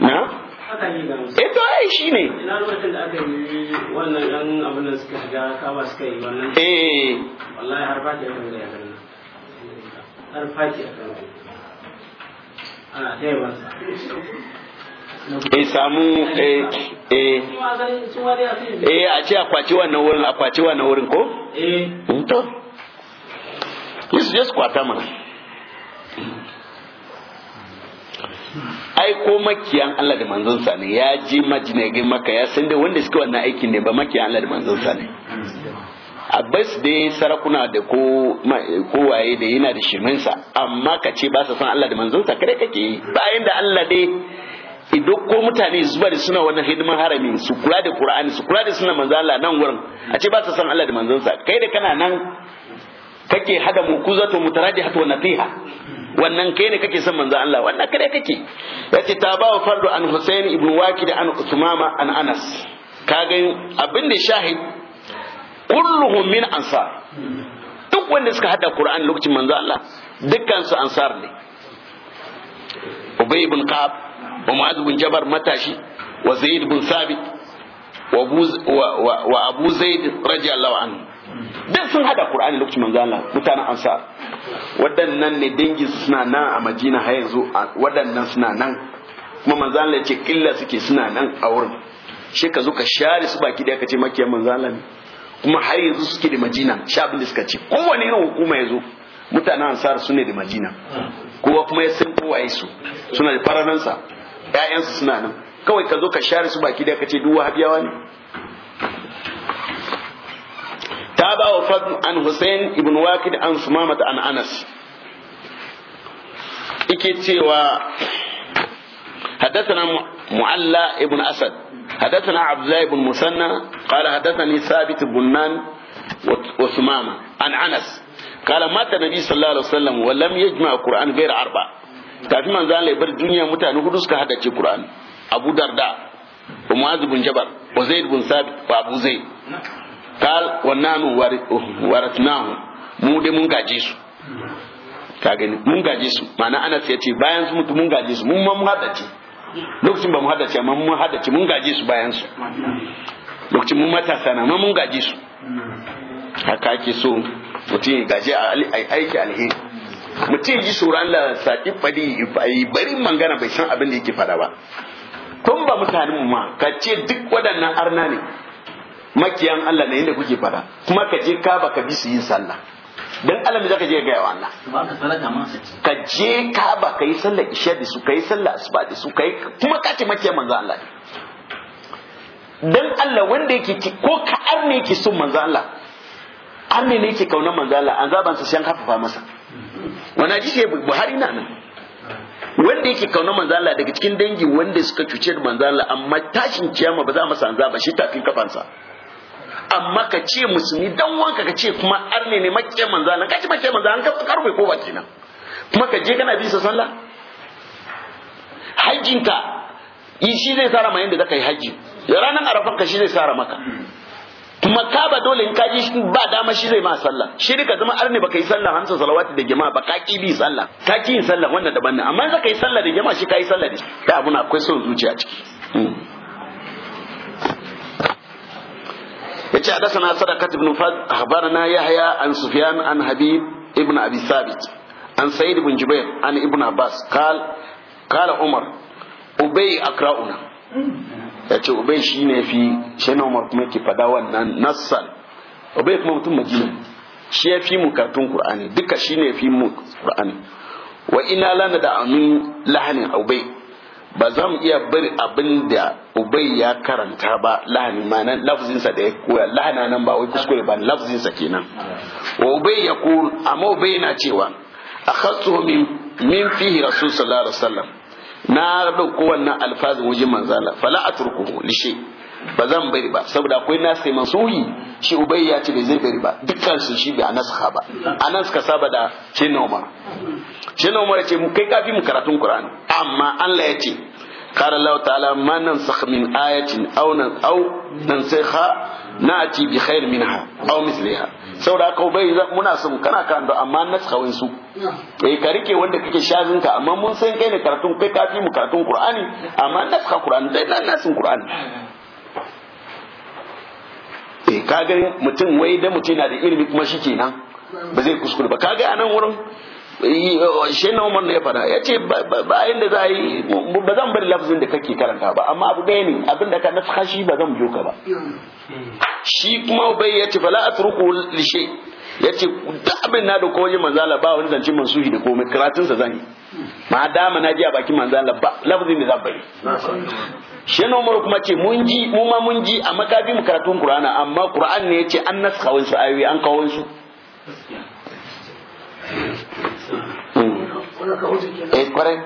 na Eto eh, ai shi ne. Ina lokacin da aka yi wannan ɗan abin da suka shiga kama suka yi wannan. Eh. Wallahi har ba ta yi har faki a ana ta yaban samu eh, eh eh a ce a kwaci wannan wurin a kwaci wannan wurin ko eh to Yesu just kwata mana ai ko makiyan Allah da manzonsa ne ya ji majinagin maka ya san da wanda suke wannan aikin ne ba makiyan Allah da manzonsa ne abbas dai sarakuna da ko kowaye da yana da shirminsa amma ka ce ba sa san Allah da manzonsa kare kake yi bayan da Allah dai idan ko mutane zuba da suna wannan hidiman harami su kula da Qur'ani su kula da suna manzo Allah nan wurin a ce ba sa san Allah da manzonsa kai da kana nan kake hada mukuzatu mutarajihatu wa nasiha wannan kai ne kake son manzo Allah wannan kare kake yace tabawa fardu an Husayn ibn Waqid an Usmama an Anas kaga abin da shahid kulluhum min ansar duk wanda suka hada Qur'an lokacin manzo Allah dukkan su ansar ne Ubay ibn qab wa Mu'adh ibn jabar matashi wa Zaid ibn Sabit wa Abu Zaid radiyallahu anhu duk sun hada qur'an lokacin manzo Allah mutanen ansar waɗannan ne dangi suna nan a Madina har yanzu waɗannan suna nan kuma manzo Allah ya ce killa suke suna nan a wurin shi ka zo ka share su baki da ka ce makiyan manzo Allah ne kuma har yanzu suke da majina sha abin da suka ce kowane irin hukuma ya zo mutanen ansar su ne da majina kowa kuma ya san kowa ya su suna da fararansa, ƴaƴansu suna nan kawai ka zo ka share su baki da ka ce duwa habiyawa ne wa fadl an husain ibn waqid an sumamata an anas ike cewa حدثنا معلى ابن أسد حدثنا عبد الله بن مسنى قال حدثني ثابت بنان وثمامة عن أنس قال مات النبي صلى الله عليه وسلم ولم يجمع القرآن غير أربعة kafin manzo Allah ya duniya mutane hudu suka haddace Qur'ani Abu Darda wa Mu'adh bin Jabal wa Zaid bin Sabit wa Abu Zaid qal wa nanu waratnahu mu dai mun gaje ka gani mun gaje ma'ana Anas yace bayan su mutu mun mun ma mun haddace lokacin ba mu haddace amma mun haddace mun gaje su bayan su lokacin mun matasa na mun gaje su haka ake so mutum ya gaje aiki alheri mutum ya ji tsoron Allah saƙi fadi bari mangana bai san abin da yake fada ba tun ba mutane mu ma ka ce duk waɗannan arna ne makiyan Allah ne inda kuke fada kuma ka je ka ka bi su yin sallah dan Allah me zaka je ga yawa Allah ka je ka ba kai sallar isha da su kai sallar asuba da su kai kuma ka ce makiyan manzo Allah dan Allah wanda yake ki ko ka arne yake son manzo Allah arne ne yake kaunar manzo Allah an zaban sa shan hafafa masa wani hadisi Buhari na nan wanda yake kauna Allah daga cikin dangi wanda suka cuce da Allah amma tashin kiyama ba za masa anza ba shi tafin kafansa amma ka ce musulmi dan wanka ka ce kuma arne ne makke manzo Allah kace makke manzo Allah ka karbe ko baki nan kuma ka je kana bisa sallah hajjinka in shi zai sara ma yanda zaka yi haji ranar arafan ka shi zai sara maka kuma ka ba dole in ka ji ba dama shi zai ma sallah shi ne ka zama arne baka yi sallah hamsa salawati da jama'a ba ka ki bi sallah ka ki yi sallah wannan daban ne amma zaka yi sallah da jama'a shi ka yi sallah da abuna da akwai son zuciya ciki hmm. yace hadathana sadakat ibn fad na yahya an sufyan an habib ibn abi sabit an sa'id Bin jubair an ibn abbas qal qala umar ubay akrauna yace ubay shine fi shine umar kuma ke fada wannan nassal ubay kuma mutum madina shi ya fi mu karatun Kur'ani, duka shine fi mu qur'ani wa ina lana da amin lahanin ba za mu iya bar abin da ubai ya karanta ba lahani mana lafzinsa da ya koya lahana nan ba wai kuskure ba lafzinsa kenan wa ubai ya ku amma ubai na cewa akhadtu min min fihi rasul sallallahu alaihi wasallam na dauko wannan alfazin wajen manzala fala atrukuhu li ba zan bari ba saboda akwai nasai mansuhi shi ubay ya ce bai zai bari ba dukkan su shi bai anaska ba anas ka saba da shi Umar shi Umar ya ce mu kai kafi mu karatun Qur'ani amma Allah ya ce قال الله تعالى ha na من آية أو أو ننسخها نأتي بخير منها أو مثلها saboda haka bai muna son kana kan da amma na tsawon su bai eh, ka rike wanda kake shazin ka amma mun san kai ne karatun kai kafi mu karatun Qur'ani amma na tsaka Qur'ani dai na nasin Qur'ani eh ka ga mutum wai da mutum yana da ilimi kuma shi kenan ba zai kuskure ba ka ga anan wurin eh, shi na umar ya fara ya ce bayan da za a yi ba zan bari lafazin da kake karanta ba amma abu ɗaya ne abin da ka nafka shi ba zan biyo ka ba shi kuma bai ya ce fala turku lishe ya ce duk abin na da kowace manzala ba wani zance mansuhi da komai karatunsa zan yi ma dama na ji a bakin manzala ba lafazin da zan bari shi na umar kuma ce mun ji mu ma mun ji a makabi mu karatun qur'ana amma qur'an ne yace an naska wasu ayoyi an kawo su eh kwarai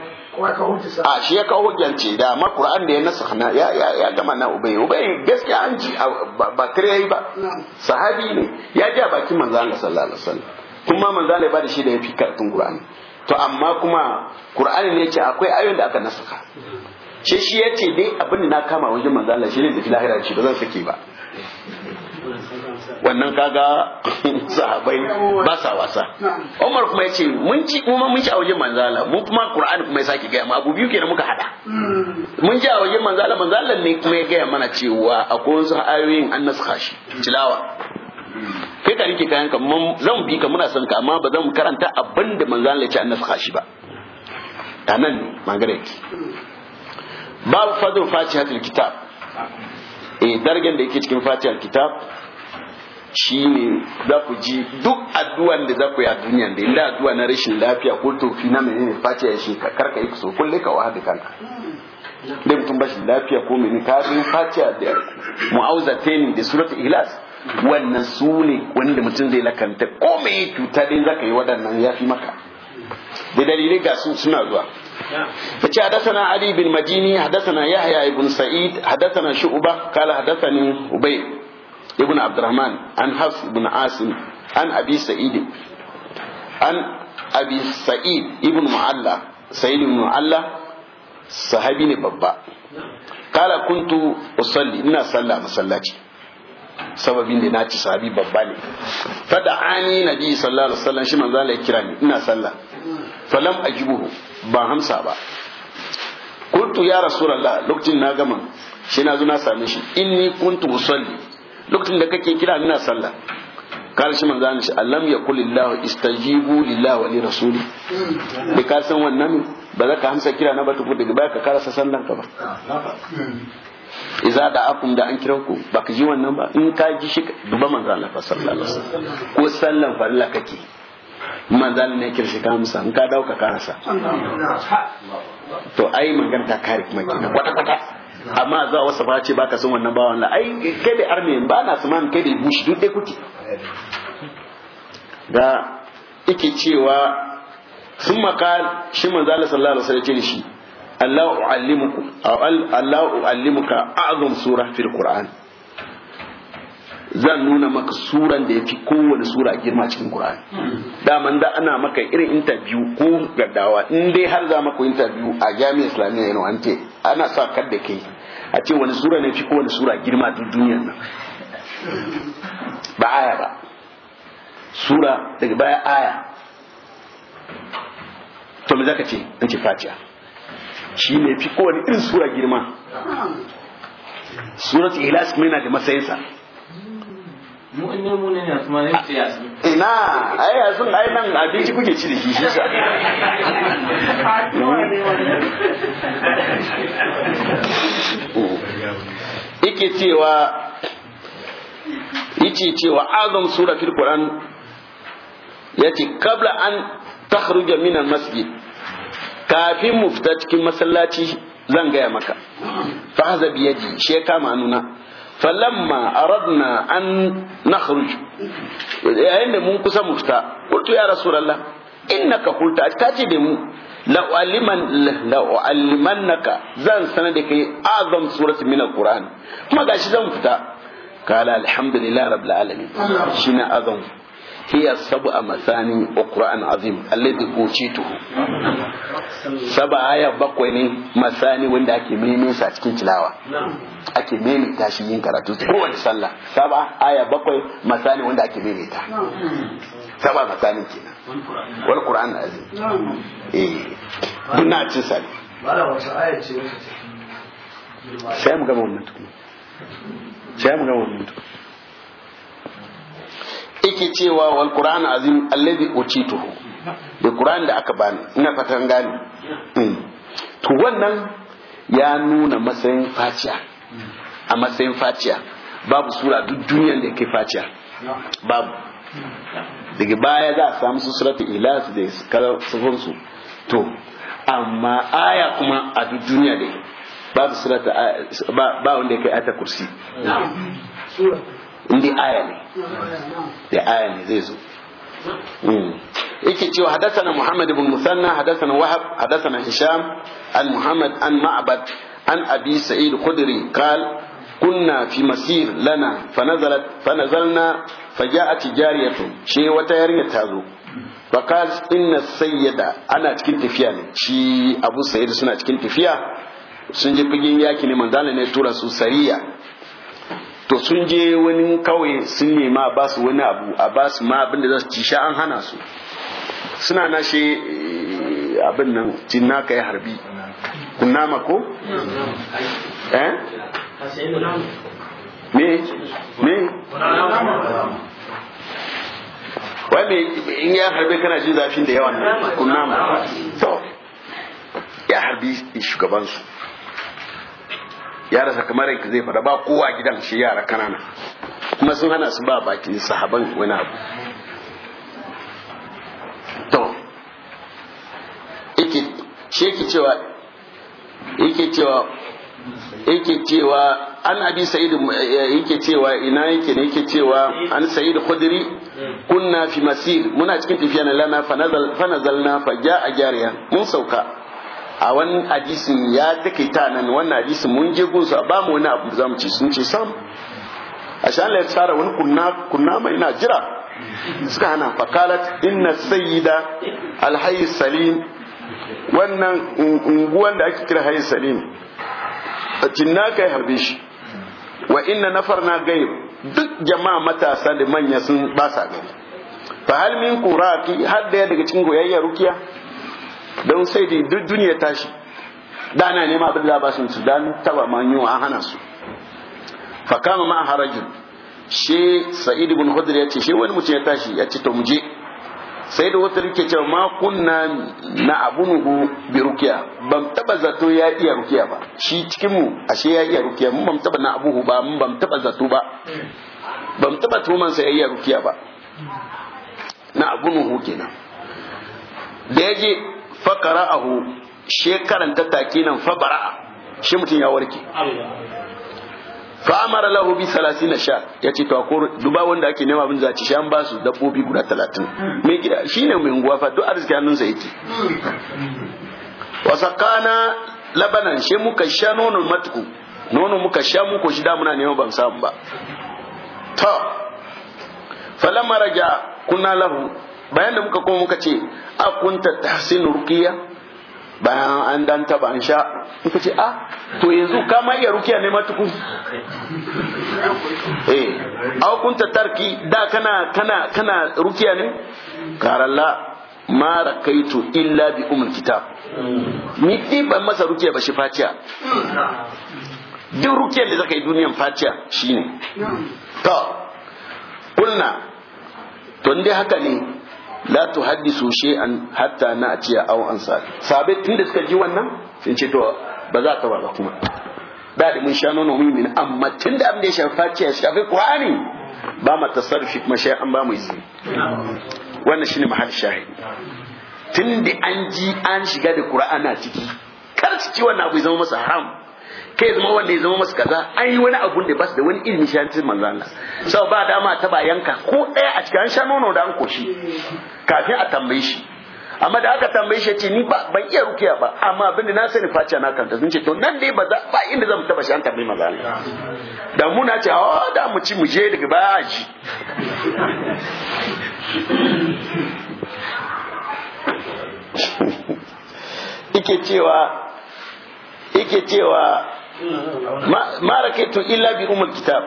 a ah, shi ya kawo hujjance da amma qur'an da ya nasa na ya ya ya gama na ubay ubay gaskiya an ji ba kare ba sahabi ne ya ji a bakin manzo Allah sallallahu alaihi wasallam kuma manzo Allah ya bada shi da yafi karatun qur'ani to amma kuma qur'ani ne yace akwai ayoyin da aka nasaka shi shi ya ce dai abin na kama wajen manzo Allah shi ne tafi lahira shi ba zan sake ba wannan kaga sahabai ba sa wasa Umar kuma yace mun ci kuma mun ci a wajen manzo Allah mu kuma Qur'ani kuma ya sake ga mu abu biyu kenan muka hada hmm. mun ji a wajen manzo Allah manzo Allah ne kuma ya ga mana cewa akwai wasu ayoyin an naskha shi tilawa kai ka rike kayan ka zan bi ka muna son ka amma ba zan karanta abin da manzo Allah ya ce an naskha shi ba tanan magareki babu fadin fatihatul kitab eh dargen da yake cikin fatihatul kitab shi ne za ku ji duk addu'an da za ku yi a duniya da inda addu'a na rashin lafiya ko tofi na ne fatiha ya shi karka yi so kulle ka wahada kanka da mutum ba shi lafiya ko mene ka zo fatiha da mu'auzataini da suratul ihlas wannan su ne wanda mutum zai lakanta ko mai cuta dai zaka yi waɗannan ya fi maka da dalilai ga su suna zuwa yace حدثنا ali bin madini حدثنا yahya بن sa'id حدثنا شعبة قال حدثني ubay ابن عبد الرحمن عن حفص بن عاصم عن sa'id سعيد عن sa'id سعيد ابن معلى سعيد بن sahabi ne babba قال كنت usalli ina sallah masallaci sababin da na ci sahabi babba ne fada ani nabi sallallahu alaihi wasallam shi manzo Allah ya kira ni ina sallah falam ajibuhu ban hamsa ba kuntu ya rasulullah lokacin na gama shi na zo na same shi inni kuntu usalli lokacin da kake kira ina sallah kar shi manzo shi allam yaqul lillah istajibu lillahi wa li rasuli da ka san wannan ba za ka hamsa kira na ba tuku daga baya ka karasa sallan ka ba iza da akum da an kira ku ba ka ji wannan ba in ka ji shi duba manzo Allah sallallahu alaihi wasallam ko sallan farilla kake manzal ne kirshi ka amsa in ka dauka karasa to ai magana ta kare kuma kina kwata kwata amma za a wasa ba baka son wannan bawan la ai kai da arme ba na su man kai da bushi duk dai kuti da yake cewa sun makal shi manzal sallallahu alaihi wasallam ce shi Allah u'allimuku Allah u'allimuka a'zam sura fil Qur'an zan nuna maka suran da ya fi kowane sura girma cikin Qur'ani daman da ana maka irin interview ko gaddawa in dai har za maka interview a jami'a islamiyya yana wance ana sa kar da kai a ce wani sura ne fi kowane sura girma duk duniyar nan ba aya ba sura daga baya aya to me zaka ce an ce fatiha shi ne fi kowane irin sura girma suratul ikhlas kuma yana da matsayinsa mu ne ne suma ne ce ya ina ai ai nan abinci kuke ci da shi shi sa yake cewa yace cewa azam suratul qur'an yace kabla an takhruja min al-masjid kafin mu fita cikin masallaci zan gaya maka fa haza biyaji she kama nuna falamma aradna an nakhruj yayin da mun kusa mu fita qultu ya rasu rasulullah innaka qulta tace da mu la ualliman la uallimannaka zan sanar da kai azam surati min alquran kuma gashi zan fita kala alhamdulillah rabbil alamin shine azam hiya sab'a masani qur'an azim alladhi tuhu. saba aya bakwai masani wanda ake mimin sa cikin tilawa ake mimin tashi yin karatu kowace sallah saba aya bakwai masani wanda ake mimin ta saba masani kenan wal qur'an azim eh dunna cin sa sai mu gama wannan tukuna sai mu gama wannan tukuna yake cewa wal qur'an azim alladhi utituhu da qur'an da aka bani ina fatan gani mm. to wannan ya nuna matsayin faciya a matsayin faciya babu sura duk duniyar da yake faciya babu daga baya za a samu surata suratul ilas da sufun su to amma aya kuma a duk duniya da babu surata ba wanda yake ata kursi Ndi aya ne da aya ne zai zo hmm. yake cewa hadathana Muhammad ibn Musanna hadathana Wahab hadathana Hisham al Muhammad an Ma'bad an Abi Sa'id Khudri qal kunna fi masir lana fanazalat fanazalna faja'at jariyatun she wata yarinya ta zo faqal inna sayyida ana cikin tafiya ne shi Abu Sa'id suna cikin tafiya sun je bigin yaki ne manzala ne tura su sariya to sun je wani kawai sun nema ba su wani abu a ba su ma abinda za su ci sha an hana su suna shi eh, abin nan cin ya harbi kunama ko eh me me wai in ya harbe kana jin zafin da yawan nan ya harbi shugabansu yaransa kamar yanki zai fada ba kowa gidan shi yara kanana kuma sun hana su ba bakin sahaban wani abu to shi yake cewa yake cewa yake cewa an abi sa'id yake cewa ina yake ne yake cewa an sa'id khudri kunna fi masir muna cikin tafiya na lana fa nazalna fa ja'a jariya mun sauka a wani hadisin ya ta nan wannan hadisin mun je su a bamu wani abu zamu ci sun ce sam a sha Allah ya tsara wani kunna kunna mai na jira suka hana fakalat inna sayyida alhayy salim wannan unguwan da ake kira hayy salim A tinna kai harbe shi wa inna nafarna gaib duk jama'a matasa da manya sun ba sa gari fa hal min quraqi har daga cikin goyayya rukiya don sai da duk duniya tashi dana nema abin da ba su su dan taba manyo an hana su fa kama ma harajin she sa'id ibn khudr ya ce she wani mutum ya tashi ya ce to mu je sai da wata rike cewa ma kunna na abunuhu bi rukiya bam taba zato ya iya rukiya ba shi cikin mu ashe ya iya rukiya mun bam taba na abuhu ba mun bam taba zato ba Bam taba tuman sai ya iya rukiya ba na abunuhu kenan da yaje faqara'ahu she karanta take nan fa bara'a shi mutum ya warke fa amara lahu bi 30 sha yace to ko duba wanda ake nema abin zaci shi an ba su dabbobi guda 30 mai gida shi mai unguwa fa duk arziki hannun sa yake wasakana labanan she muka sha nonon matuku nono muka sha muku shi da muna neman ban samu ba to falamma raja kunna lahu bayan da muka kuma muka ce a kunta tahsin rukiya bayan an dan taba an sha muka ce a ah, to yanzu ka ma iya rukiya ne matukun eh a kunta tarki da kana kana kana rukiya ne karalla ma rakaitu illa bi umul kitab hmm. ni ti ban masa rukiya ba shi faciya duk rukiyar da zaka yi duniyan faciya shine hmm. to Kulna to dai haka ne لا تحدثوا شيئا hatta na او انصار ثابت تند tun da suka ji wannan sun ce to ba za ka ba kuma da da mun shano nomi min amma tun da abin da ya shafa ce shafi qur'ani ba ma tasarrufi kuma shay an ba mu izini wannan shine mahal shahid tun da an ji an shiga da qur'ana ciki kar ciki wannan abu zama masa haram kai zama wanda ya zama masu kaza an yi wani abun da basu da wani ilimin shi hancin manzo Allah sau ba dama ta ba yanka ko ɗaya a cikin sha nono da an koshi kafin a tambaye shi amma da aka tambaye shi ce ni ba ban iya rukiya ba amma abin da na sani face na kanta sun to nan dai ba ba inda zamu taba shi an tambaye manzo Allah da mu na ce a ah, da mu ci mu daga baya ji ike cewa ike cewa ma rakaitu illa bi umul kitab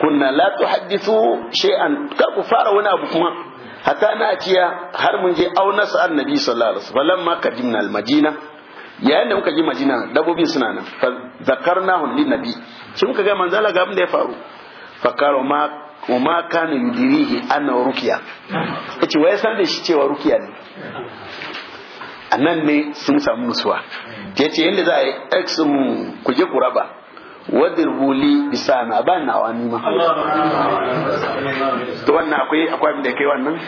kunna la tuhaddithu shay'an kar ku fara wani abu kuma hatta na ciya har mun je auna sa annabi sallallahu alaihi wasallam ma kadimna al madina yayin da muka je madina dabobin suna nan fa zakarnahu lin nabi shi muka ga manzala ga abin da ya faru fa karo ma wa kana yudirihi anna rukiya yace wai san da shi cewa rukiya ne annan ne sun samu musuwa ya ce yadda za a yi x ku je ku wadir buli bisa na ba na wani ma to wannan akwai akwai da kai wannan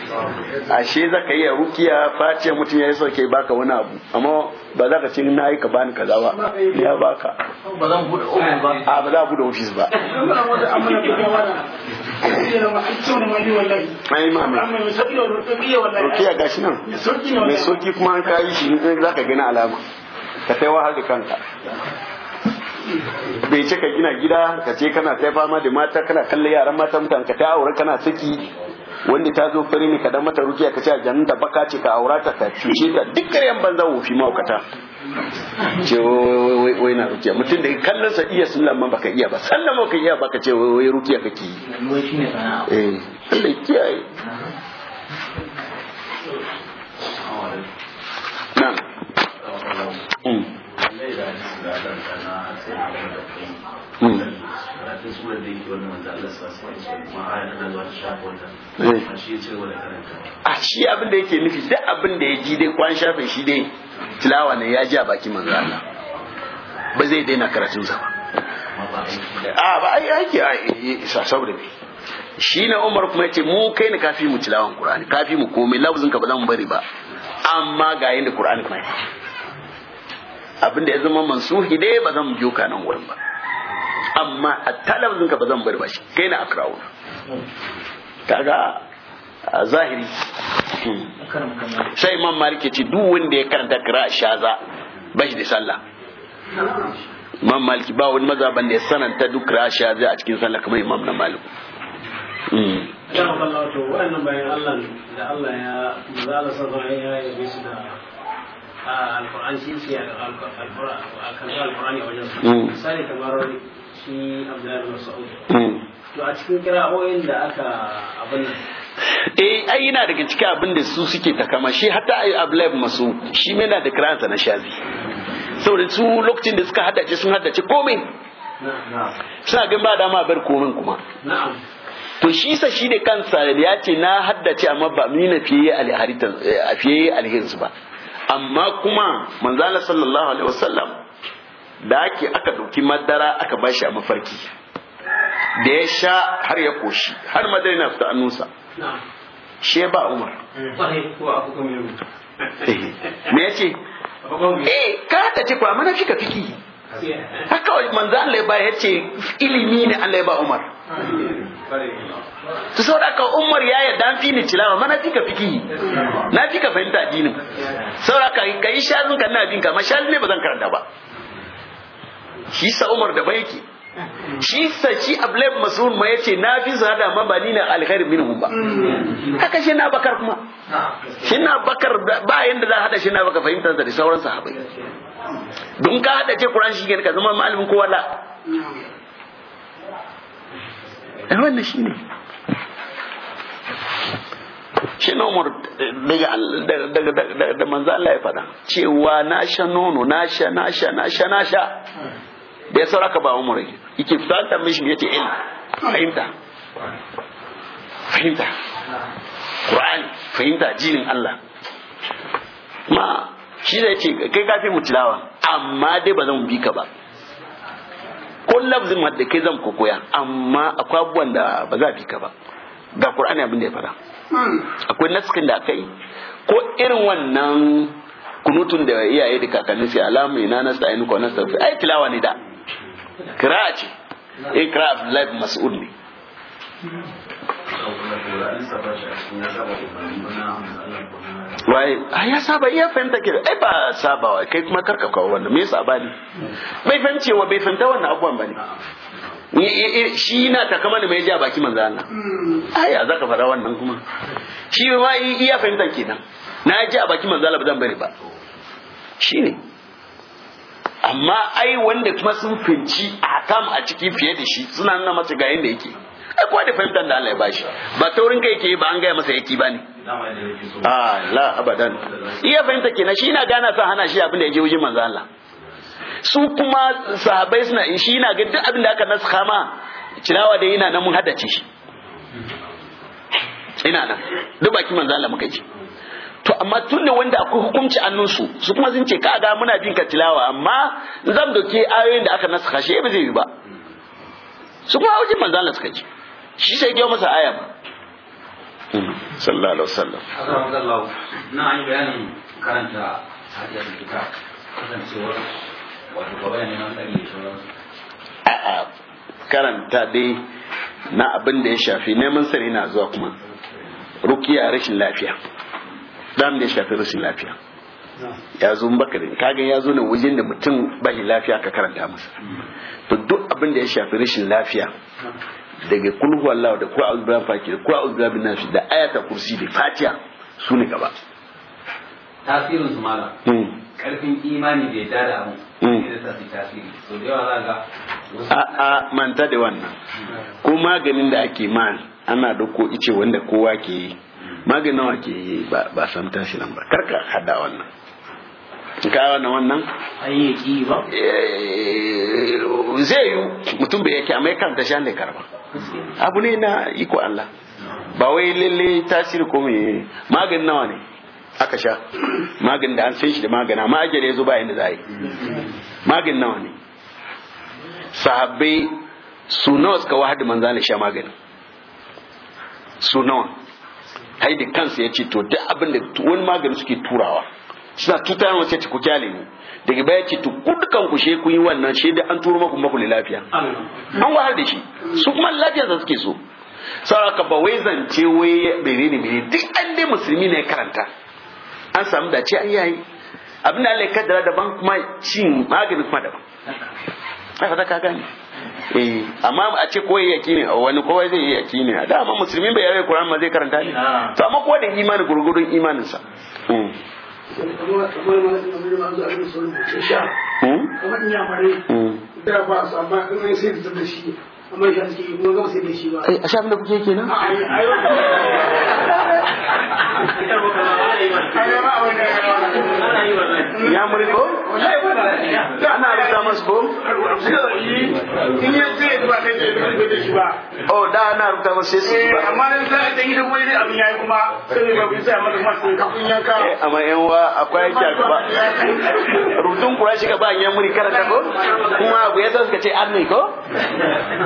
ashe za ka yi a rukiya face mutum ya yi sauke baka wani abu amma ba za ka ce na yi ka bani ka zawa ya baka ba za a bude ofis ba ai mama rukiya gashi nan mai sauki kuma an kayi shi za ka gani alama ka kai wahal da kanka bai ce ka gina gida ka ce kana ta fama da mata kana kalli yaran mata mutan ka ta aure kana saki wanda ta zo fari ne ka dan mata rukiya ka ce a jannin da baka ce ka aura ta ka cuce ta duk karyan banza wofi maukata ce wai wai na rukiya mutum da kallon sa iya sunan man baka iya ba sallama ka iya baka ce wai rukiya kake yi eh Allah kiyaye Eh. a shi abin da yake nufi duk abin da ya ji dai kwan shafe shi dai tilawa ne ya ji a baki manzo Allah ba zai daina karatun sa ba a ba ai aiki a eh, sa saboda me shi na Umar kuma yace mu kai ne kafi mu tilawan Qur'ani kafi mu komai lafzin ka ba zan bari ba amma ga yinda Qur'ani kuma yake abin da ya zama mansuhi dai ba zan biyo ka nan wurin ba amma a lafazin ka ba zan bar ba shi kai na akrawu kaga a zahiri hmm. sai imam malik ya ce duk wanda ya karanta kira shaza ba shi da sallah imam maliki ba wani mazaban da ya sananta duk kira shaza a cikin sallah kamar imam na malik hmm. alkur'ani shi ya alkur'ani wajen hmm. misali kamar shi Abdullahi hmm. to a cikin kira'o'in da aka abin eh ai yana daga cikin abin da su suke takama shi hatta ai Abdullahi masu shi mai yana da kiransa na shazi saboda su lokacin da suka haddace sun haddace komai suna gan ba dama bar komai kuma to shi sa shi da kansa ya ce na haddace amma ba na eh, fiye alherinsu ba amma kuma manzala sallallahu alaihi wasallam da ake aka ɗauki madara aka bashi a mafarki da ya sha har ya koshi har madara na fita annunsa she ba umar eh, eh, me ya ce eh ka ta ce kwa mana fika fiki haka manzo Allah ya ba ya ce ilimi ne Allah ya ba umar su sau da aka umar ya yi dan fi ni cilawa ma fika fiki na fika fahimta addinin sau da aka yi shazin kan na bin ka ma shazin ne ba zan karanta ba shi sa Umar da bai yake shi sa shi Abdullahi Mas'ud ma yace na fi zada ma ba ni na alkhair minhu ba haka shi na bakar kuma shi na bakar ba yanda za hada shi na baka fahimtar da sauran sahabbai don ka hada ce Qur'an shi ka zama malamin kowa la eh wannan shine shi na umar eh, daga da manzo Allah ya cewa na sha nono na sha na sha na sha na sha da ya sauraka ba umar yake yake fata mishi yace ilm fahimta fahimta qur'an fahimta jinin Allah ma shi da yake kai kafi mu tilawa amma dai ba zan bi ka ba ko lafzin ma da kai zan koya amma akwai abubuwan da ba za bi ka ba ga Qur'ani abin da ya fara akwai naskin da kai ko irin wannan kunutun da iyaye da kakanni sai alamu ina nasta ayin ko nasta ai tilawa ne da Kira ce eh kira'a Abdullahi bin Mas'ud ne ah, ya saba iya fahimta ke ai ba sabawa kai kuma karka kawo wannan me yasa bani bai wa bai fahimta wannan abubuwan bane shi na takama da mai ja baki manzo Allah ya zaka fara wannan kuma shi ma iya fahimta kenan na ji a baki manzo Allah ba zan bari ba shine amma ai wanda kuma sun finci a kam a ciki fiye da shi suna nuna masa ga yadda yake ai kuwa da fahimtar da Allah ya bashi ba taurin kai yake ba an gaya masa yaki ba ne a la abadan iya fahimta kenan shi ina gana sa hana shi abin da yake wajen manzo Allah su kuma sahabai suna shi ina ga duk abin da aka nasu ma cilawa da yana nan mun ce shi ina nan duk baki manzo Allah muka ji to amma tun wanda akwai hukunci annunsu su kuma sun ce kaga muna bin ka tilawa amma zan doke ayoyin da aka nasa kashe eh, ba zai yi ba su kuma wajen manzo Allah suka ji shi sai ya masa aya ba sallallahu alaihi wasallam na an yi bayanin karanta hadiyar duka kasancewar wato gaba ne na tsari da karanta dai na abin da ya shafi neman sani na zuwa kuma rukiya rashin lafiya dam da shafi rashin lafiya ya zo baka da kaga ya zo ne wajen da mutum bai lafiya ka karanta masa mm. to duk abin da ya shafi rashin lafiya daga kulhu Allah da ku a'udhu billahi fakir ku a'udhu bin nafi da ayata kursi da fatiha su ne gaba tasirin su mala mm. karfin imani bai da da abu da sa su tasiri so da yawa za ga a a manta da wannan ko maganin da ake man ana dauko ice wanda kowa ke yi magani nawa ke yi ba san tashi nan ba karka hada wannan ka wannan wannan ayi ki ba eh, zai yi mutum bai yake amma kan tashi ne karba abu ne na iko Allah ba wai lalle tasiri ko me magani nawa ne aka sha magan da an san shi da magana amma ajiyar ya zo ba inda za yi magani nawa ne sahabbai su nawa suka wahada manzana sha magani su nawa haidin kansa ya ce to duk abin da wani magani suke turawa suna tuta yawan sai ku kyale ni daga baya ce to ku dukan ku she ku yi wannan she da an turo maku maku lafiya an wahar da shi su kuma lafiya da suke so ka ba wai zance wai bere ne bere duk an dai musulmi ne karanta an samu dace an yayi abin da Allah ya kaddara daban kuma cin magani kuma daban haka da ka gane eh amma a ce koyi yakini a wani kowai zai yi yakini a dama musulmi bai yare Qur'an ma zai karanta ne to amma kowa da imani gurgurun imanin sa hmm. hmm? hmm? amma shi sai da shi ba a shafin da kuke kenan ya muri ko ana rubuta masu ko in ya ce ba kai ke rubuta da shi ba oh da ana rubuta masu sai su ba amma nan za a ta gidan wani abin yayi kuma sai ba ku sai mata masu kafin yanka amma yan wa akwai yake gaba rubutun kura shi ka ba yan muri karanta ko kuma abu ya zaka ce an ne ko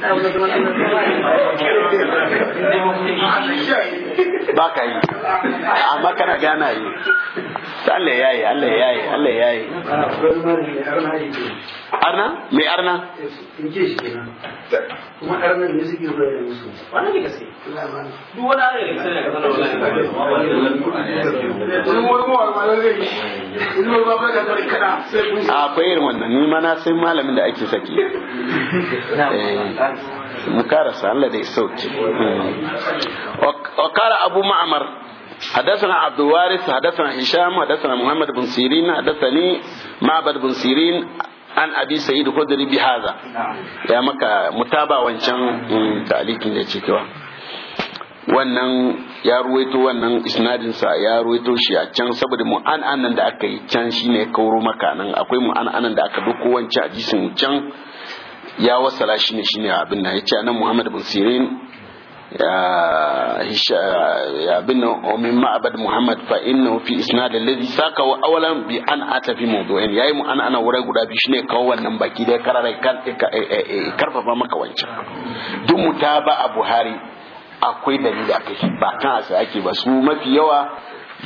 ba ka yi amma kana gana yi Allah ya yi Allah ya yi Allah ya yi arna mai arna kuma arna ne suke da musu wannan ne gaske duk wani arna da kasar da kasar da wani wannan ni ma na sai malamin da ake saki eh, mu karasa Allah da ya sauke hmm. wa kara abu ma'amar حدثنا عبد الوارث حدثنا هشام حدثنا محمد بن سيرين حدثني معبد بن سيرين an ابي سعيد الخدري بهذا يا ya maka mutaba wancan talikin da yake cewa wannan ya ruwaito wannan isnadin sa ya ruwaito shi a can saboda mu an anan da aka yi can shine kauro maka nan akwai mu an anan da aka duk wancan hadisin can ya wasala shi ne shine abin nan yace nan Muhammad bin Sirin abin min ma'abad muhammad fa innahu fi isnad alladhi saka wa awalan bi an ata fi mawdu'in yayi mu ana ana wurai guda biyu shine kawo wannan baki da kararai karfafa maka wancan duk mutaba a buhari akwai dalili akai ba kan asa ake ba su mafi yawa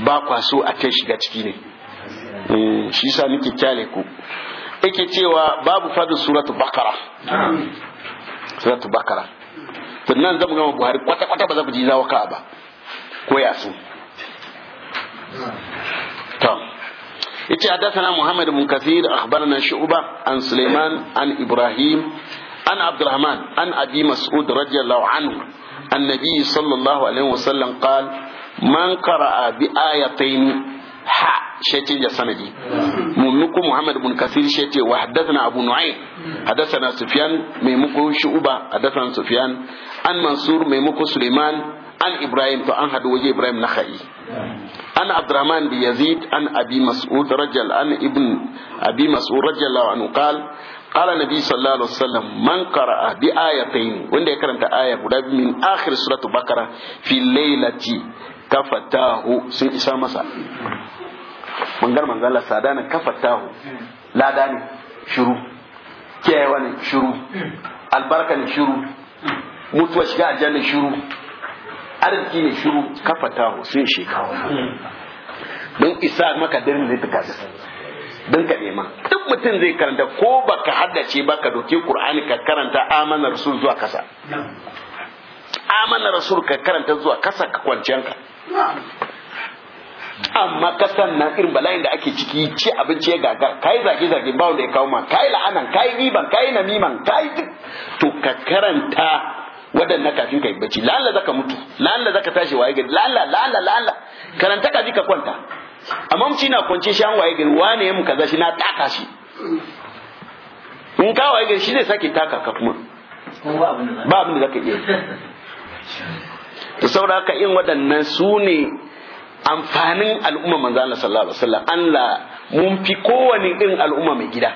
ba kwa so a kai shiga ciki ne shi sa nake kyale ku yake cewa babu fadin suratu bakara suratu bakara to nan zamu gama buhari kwata kwata ba za ku ji zawo ka ba ko ya su to yace hadathana muhammad bin kathir na shu'ba an Suleiman an ibrahim an Abdulrahman an abi mas'ud radiyallahu anhu النبي صلى الله عليه وسلم قال من قرأ بآيتين ha shaitin ya sanadi mummuku muhammad bin kasir shaiti wa haddathana abu nu'aym haddathana sufyan mai muku shu'ba haddathana an mansur maimako suleiman an ibrahim to an haɗu waje ibrahim na ha'i an abdurrahman bi yazid an abi mas'ud rajal an ibn abi mas'ud rajal an qal qala nabi sallallahu alaihi wasallam man qara'a bi ayatayn wanda ya karanta aya guda min akhir suratul bakara fi laylati kafatahu sun isa masa mangar manzala sadana kafatahu lada shuru shiru shuru ne shuru. mutuwa shiga aljanna shiru arziki ne shiru kafa taho sun shekawa don isa maka dirin litikas don ka nema duk mutum zai karanta ko baka haddace ba ka doke qur'ani ka karanta amana rasul zuwa kasa amana rasul ka karanta zuwa kasa ka ka amma kasan nan irin bala'in da ake ciki ci abinci ya gagar kai zage zage ba wanda ya kawo ma kai la'anan kai riban kai namiman kai to ka karanta waɗannan kafin ka yi bacci lalla zaka mutu lalla zaka tashi waye gari lalla lalla lalla karanta ka ka kwanta amma mutum na kwance shi an waye gari wane mu kaza shi na taka shi in ka waye gari shi zai sake taka ka kuma ba abin da zaka iya to saboda haka in waɗannan su ne amfanin al'umma manzo Allah sallallahu alaihi wasallam Allah mun fi kowani irin al'umma mai gida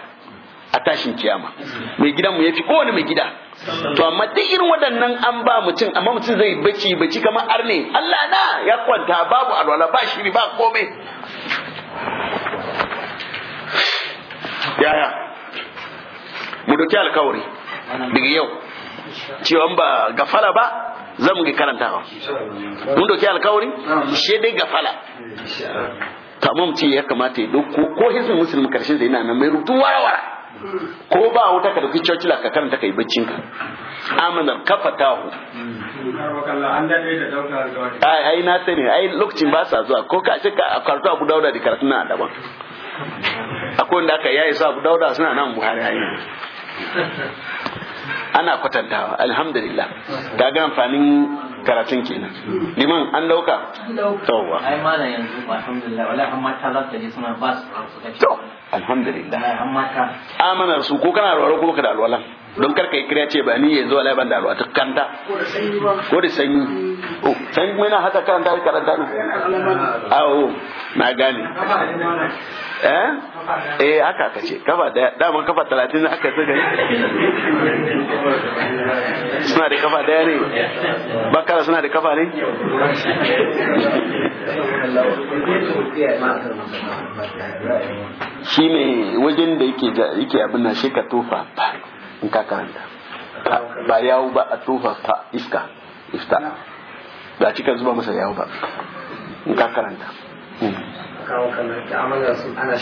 a tashin kiyama mai gidan mu yafi kowani mai gida to amma duk irin waɗannan an ba mutum amma mutum zai bacci bacci kamar arne Allah na ya kwanta babu alwala ba shi ba komai yaya mu doki alkawari daga yau cewa ba gafala ba zan mu karantawa mun doki alkawari shi dai gafala tamam ce ya kamata ya dauko ko hisin musulmi karshen zai na nan mai rubutu wara ko ba wuta ka dauki cocila ka karanta kai baccin ka amana kafatahu ai ai na sani ai lokacin ba sa zuwa ko ka ce ka karatu abu dauda da karatu na daban akwai wanda aka yayi sa abu dauda suna nan buhari ai ana kwatantawa alhamdulillah ta ga amfanin karatun kenan liman an dauka to ai malam yanzu alhamdulillah wallahi amma ta zata ne suna ba su ba su alhamdulillah amana su ko kana alwala ko baka da alwala don karka yi kira ce ba ni yanzu wallahi ban da alwala ta kanta ko da sanyi da oh, sanyi kuma yana hada karanta ai karanta ne awo na gane eh eh haka aka ce kafa daya daman kafa 30 aka saka suna da kafa daya ne bakara suna da kafa ne shi ne wajen da yake abin na shi ka tofa ba in ka karanta ba yawo ba a tofa ta iska ifta ba cika zuba masa yawo ba in ka karanta kawo kamar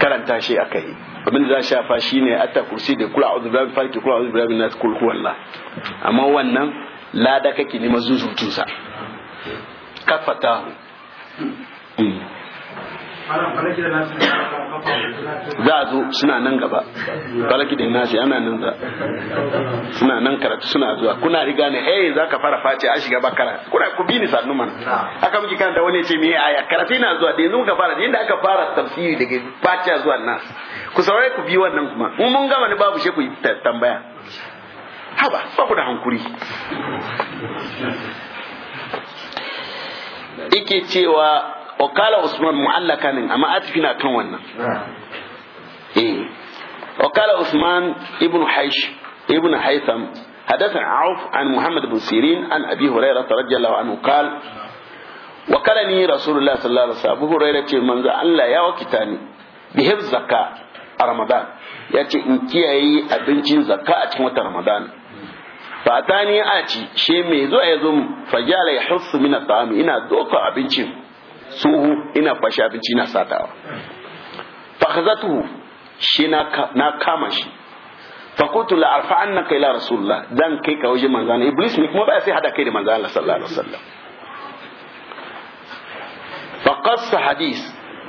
karanta shi aka yi abin da za shafa shi ne atta kursi da kula a zubirabin farki kula a zubirabin na kulkuwan la amma wannan lada kake nema zuzutun sa kafata hmm. za a zo suna nan gaba balaki da nasi ana nan za suna nan karatu suna zuwa kuna riga ne eh za ka fara face a shiga bakara kuna ku bi ni sannu mana aka miki kan da wani ce me aya karatu ina zuwa da yanzu ka fara da inda aka fara tafsiri daga face zuwa nas ku saurare ku bi wannan kuma mun mun gama ne babu shi ku tambaya haba ba ku da hankuri ike cewa wakala usman mu'allaka ne amma atifi na kan wannan eh wakala usman ibn haish ibn haitham حدثنا عوف عن محمد بن سيرين عن ابي هريره رضي الله عنه قال وكلني رسول الله صلى الله عليه وسلم ابو هريره الله يا وكتاني بهب a ramadan ya ce in kiyaye abincin zaka a cikin watan ramadan fatani a ci shi mai zuwa yazo zo fajala ya ina doka abincin tsoho ina fashi abinci na satawa fakhazatuhu shi na kama shi fakutu la arfa annaka ila rasulullah dan kai ka waje manzana iblis ne kuma baya sai hada kai da manzana Allah sallallahu alaihi wasallam faqassa hadis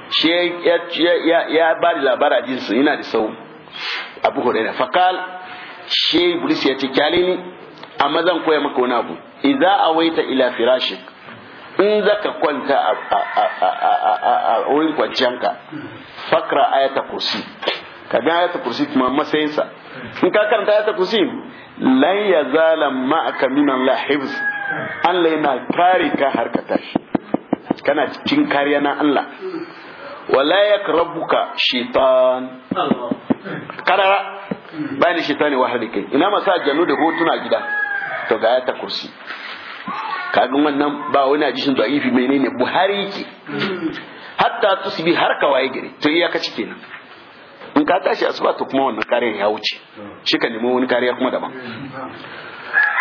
shi ya ya ya da labara hadisi yana da sau abu hurairah faqal shi iblis ya ce kyale ni amma zan koya maka wani abu idza awaita ila firashik in ka kwanta a wurin kwanciyanka fakra ayata kursi ka ga ayata kursi kuma matsayinsa in ka karanta ayata kursi lan ya zala ma'aka minan la hifz Allah yana kare ka har ka tashi kana cikin kariya na Allah wala yakrabuka shaitan karara bayan shaitani wahali kai ina masu ajiyar da hotuna gida to ga ayata kursi kagan wannan ba wani hadisin da ifi menene buhari yake hatta tusbi har ka waye gari to iya kaci kenan in ka tashi asuba to kuma wannan kariyar ya wuce shi ka nemi wani kariya kuma daban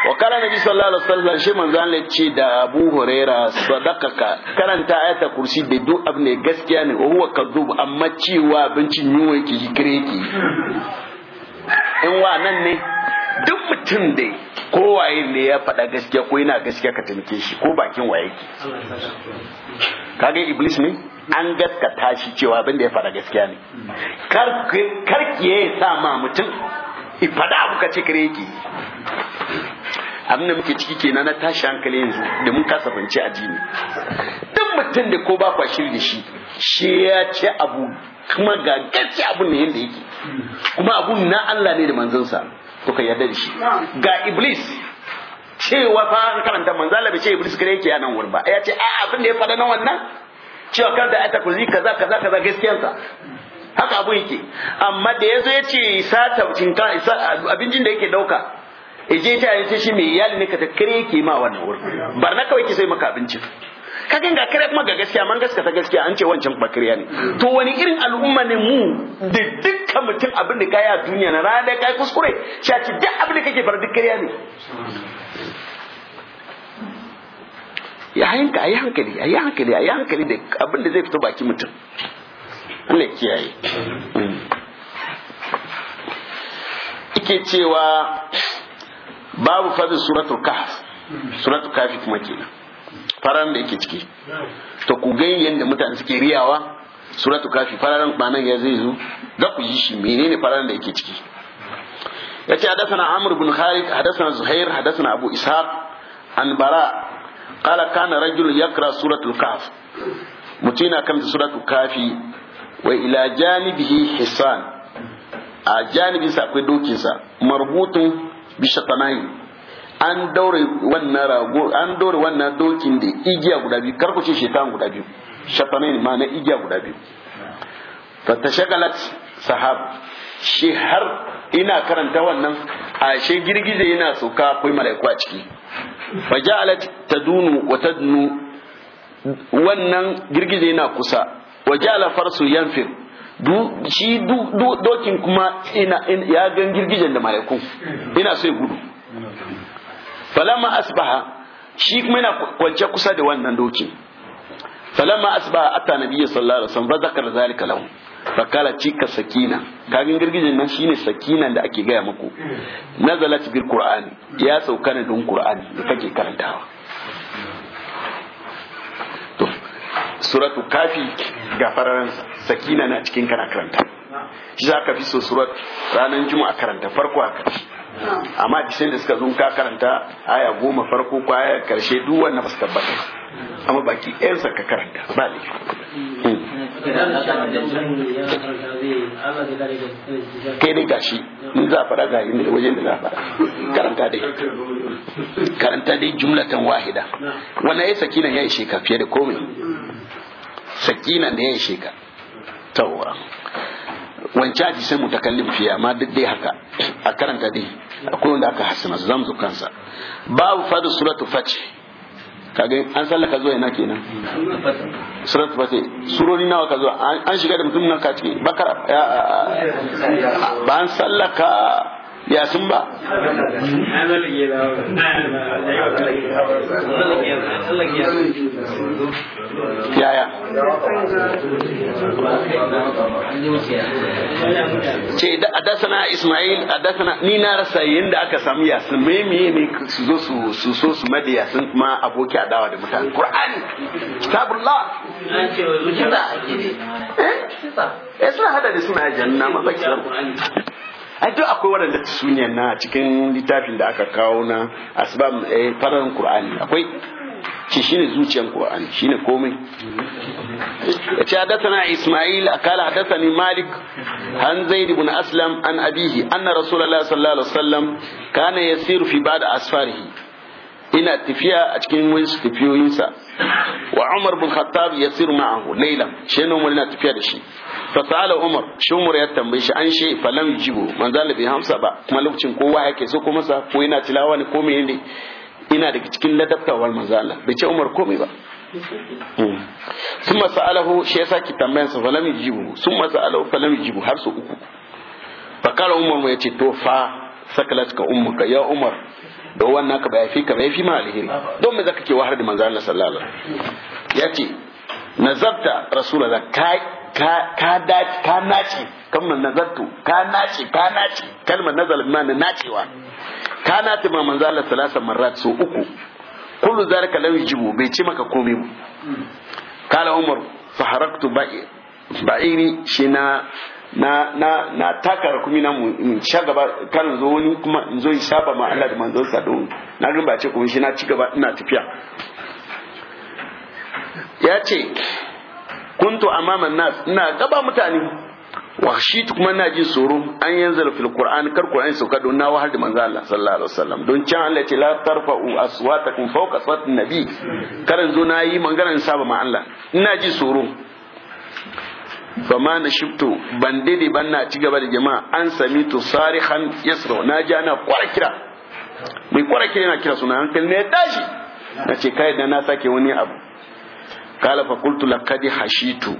wa kala nabi sallallahu alaihi wasallam shi manzo Allah ce da Abu Huraira sadaqaka karanta ayata kursi da duk abu gaskiya ne huwa kadhub amma cewa bincin yuwa yake yi kireki in wa nan ne duk mutum da kowaye ne ya faɗa gaskiya ko yana gaskiya ka taimake shi ko bakin waye ke kaga iblis ne an gaskata shi cewa abin da ya faɗa gaskiya ne karkiye ya sa ma mutum ifada abu ka ce kare yake abin da muke ciki kenan na tashi hankali yanzu da mun kasa a jini duk mutum da ko ba kwa da shi shi ya ce abu kuma ga gaskiya abun ne yadda yake kuma abun na Allah ne da manzansa kuka yarda da shi ga iblis cewa fa an karanta manzala bai ce iblis kare yake yanan wurba ba ya ce a abin da ya faɗa na wannan cewa kar da ata kuzi kaza kaza kaza gaskiyansa haka abu yake amma da yazo ya ce sata cinka abincin da yake dauka ije je ta yace shi mai iyali ne ka ta kare yake ma wannan wurin barna kawai ki sai maka abincin ka ga kare kuma ga gaskiya man ta gaskiya an ce wancan bakariya ne to wani irin al'umma ne mu da dukkan mutum abin da kai a duniya na rana da kai kuskure shi ci duk abin da kake bar duk kariya ne ya hanka ayi hankali ayi hankali ayi hankali da abin da zai fito baki mutum Allah kiyaye yake cewa babu fadin suratul kahf suratul kahf kuma kenan faran da yake ciki to ku ga yadda mutane suke riyawa suratu kafi fararen banan ya zai zo da ku yi shi menene fararen da yake ciki yace hadathana amr ibn khalid hadathana zuhair hadathana abu ishaq an bara qala kana rajul yakra suratul kaf mutina kan suratul kafi wa ila janibihi hisan a janibinsa akwai dokinsa marbutun bi an daure wannan rago an daure wannan dokin da igiya guda biyu kar ku ce shaitan guda biyu shatanin ma na igiya guda biyu shagalat sahab shi har ina karanta wannan a she girgije yana sauka akwai mala'iku a ciki ja'alat tadunu wa tadnu wannan girgije yana kusa ja'ala farsu yanfir du shi dokin kuma ina ya gan girgijen da mala'iku ina so ya gudu falamma asbaha shi kuma yana kwance kusa da wannan doki falamma asbaha atta nabiyyi sallallahu alaihi wasallam zakar zalika lahu fakala cika sakina kagin girgijin nan shine sakina da ake gaya muku nazalat bil qur'ani ya sauka ne don qur'ani da kake karantawa to suratu kafi ga fararen sakina na cikin kana karanta shi za ka fi so surat ranar juma'a karanta farko a karshe amma cikin da suka zo ka karanta aya goma farko ko aya karshe duk wannan ba su tabbata amma baki ɗayan sa ka karanta ba ne kai ne gashi in za fara ga da wajen da za fara karanta dai karanta dai jumlatan wahida wannan ya sakinan ya yi ka fiye da komai sakinan da ya yi ka tawwa wancan aji sai mutakallim fiye ma duk dai haka a karanta dai akwai da aka hasana su zamu kansa babu fadu suratu Ka kaga an sallaka zuwa yana kenan suratu fati surori nawa ka zuwa an shiga da mutum nan ka ciki bakara ba an sallaka ya sun ba yaya ce na ismail adasana ni na rasa yadda aka samu yasin mai miye ne su zo su so su mada yasin kuma aboki dawa da mutane qur'ani kitabullah eh? eh suna hada da suna janna mabaki ai duk akwai waɗanda sunyan na cikin littafin da aka kawo na asbab eh, faran qur'ani akwai shi shine zuciyar qur'ani shine komai yace hadathana isma'il qala hadathani malik an zaid ibn aslam an abihi anna rasulullahi sallallahu alaihi wasallam kana yasiru fi ba'd asfarihi ina tafiya a cikin wasu tafiyoyinsa wa umar bin khattab ya sir ma'ahu laila shi ne tafiya da shi fasala umar shi umar ya tambaye shi an shi falam jibo manzala bai hamsa ba kuma lokacin kowa yake so ko masa ko yana tilawa ne ko menene ina daga cikin ladabtawar manzala bai ce umar komai ba sun hmm. sa'alahu shi ya ki tambayan sa falam jibo sun masa'alahu falam jibo har su uku kala umar mai ce to fa sakalat ka ummuka ya umar da wannan ka bai fi ka bai fi ma alheri don me zaka ke wahar da manzala sallallahu alaihi wasallam yace nazarta rasulullah kai ka dace ka nace kamar nazartu ka nace ka nace kalmar nazar na nacewa ka nace ma manzo Allah salasa marrat so uku kullu zalika lam yujibu bai ci maka komai ba kala umar fa haraktu ba'iri shi na na na na taka kuma na mun sha gaba kan zo wani kuma in zo in saba ma Allah da manzon sa don na rubace ce kuma shi na ci gaba ina tafiya ya ce kuntu amaman nas ina gaba mutane wa shi kuma na ji tsoro an yanzala fil qur'an kar qur'an sauka don na wahal da manzo Allah sallallahu alaihi wasallam don can Allah ce la tarfa'u aswatakum fawqa sawti nabi karan zo nayi in saba ma Allah ina ji tsoro fama na shifto ban daidai ban na ci gaba da jama'a an sami to sarihan yasra na ji ana kwara kira mai kwara kira yana kira suna hankali ne ya tashi na ce kai da na sake wani abu kala fa qultu laqad hashitu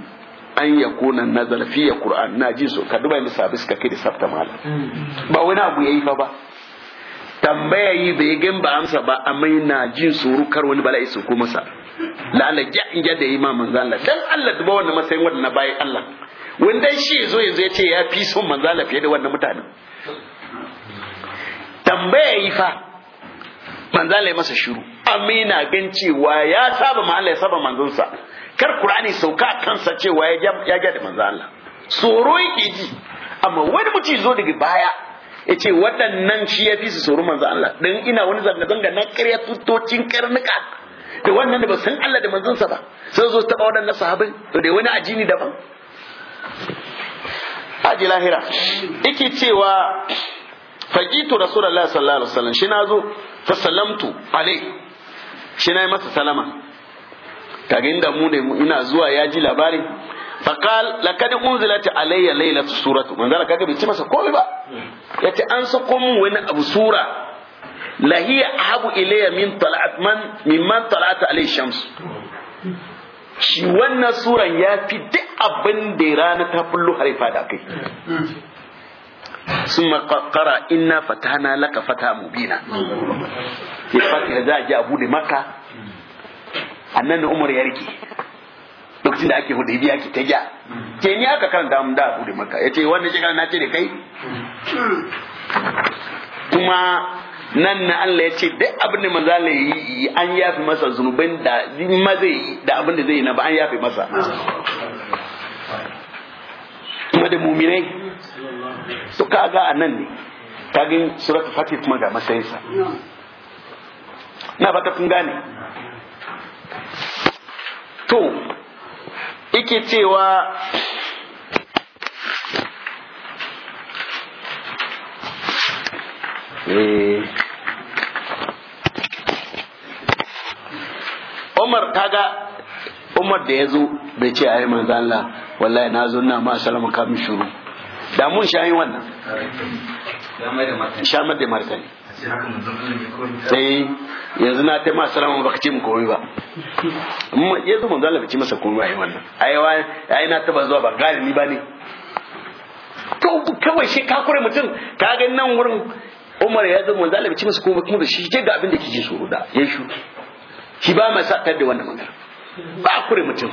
an yakuna nazar fiye kur'an na ji so ka duba inda sabi kiri sabta mala mm. ba wani abu yayi fa ba tambaya yi bai gan ba amsa ba amma na jin tsoro kar wani bala'i su ko masa la'alla ya in da yi ma manzo Allah dan Allah duba wannan masayin wannan na bayi Allah wanda shi zo yanzu ya ce ya fi son manzo Allah fiye da wannan mutane. tambaya yi fa manzo Allah ya masa shiru Amina gan cewa ya saba ma Allah ya saba manzonsa kar Qur'ani sauka kansa cewa ya ya ga da manzon Allah tsoro yake ji amma wani mutum zo daga baya ya ce waɗannan shi ya fi su tsoro manzon Allah dan ina wani zanga zanga na ƙarya tutocin karnuka da wannan da ba san Allah da manzonsa ba sai zo taɓa waɗannan sahabbai to dai wani ajini daban aji lahira yake cewa faqitu rasulullahi sallallahu alaihi wasallam shi nazo fa sallamtu alaihi shi na yi masa salama kaga inda mu ne ina zuwa ya ji labarin faqal laqad unzilat alayya laylatu suratu manzala kaga bai ci masa komai ba yace an sako mun wani abu sura lahiya ahabu ilayya min talat man mimman talat shams shi wannan suran ya fi duk abin da rana ta fullo harifa da kai ثم قرا إنا فتحنا لك فتحا مبينا في فتح ذا جاء مكه مكة أنن عمر يركي lokacin da ake hudaybiya ki ta ja ke ni aka karanta mun da abu da maka yace wannan shekara na ce da kai kuma nan na Allah ya ce duk abin da maza la yi an yafi masa zunubin da ma zai yi da abin da zai yi na ba an yafi masa kuma da muminai to kaga a nan ne kagin suratul fatih kuma ga matsayinsa na fata kun gane to ike cewa eh. Umar kaga Umar da ya zo bai ce yi manzo Allah wallahi na zo na ma sallama kamun shuru da mun sha yi wannan sha mai da martani sai eh, yanzu na taima salamun baka ce mu komai ba zo mun zala ci masa komai yi wannan ya yi na taba zuwa ba galibi ba ne to kawai shi ka kure mutum ka gani nan wurin Umar ya zo mun zala ci masa komai kuma shi ke ga abin da kike so da ya shu shi ba mai sa da wannan magana ba kure mutum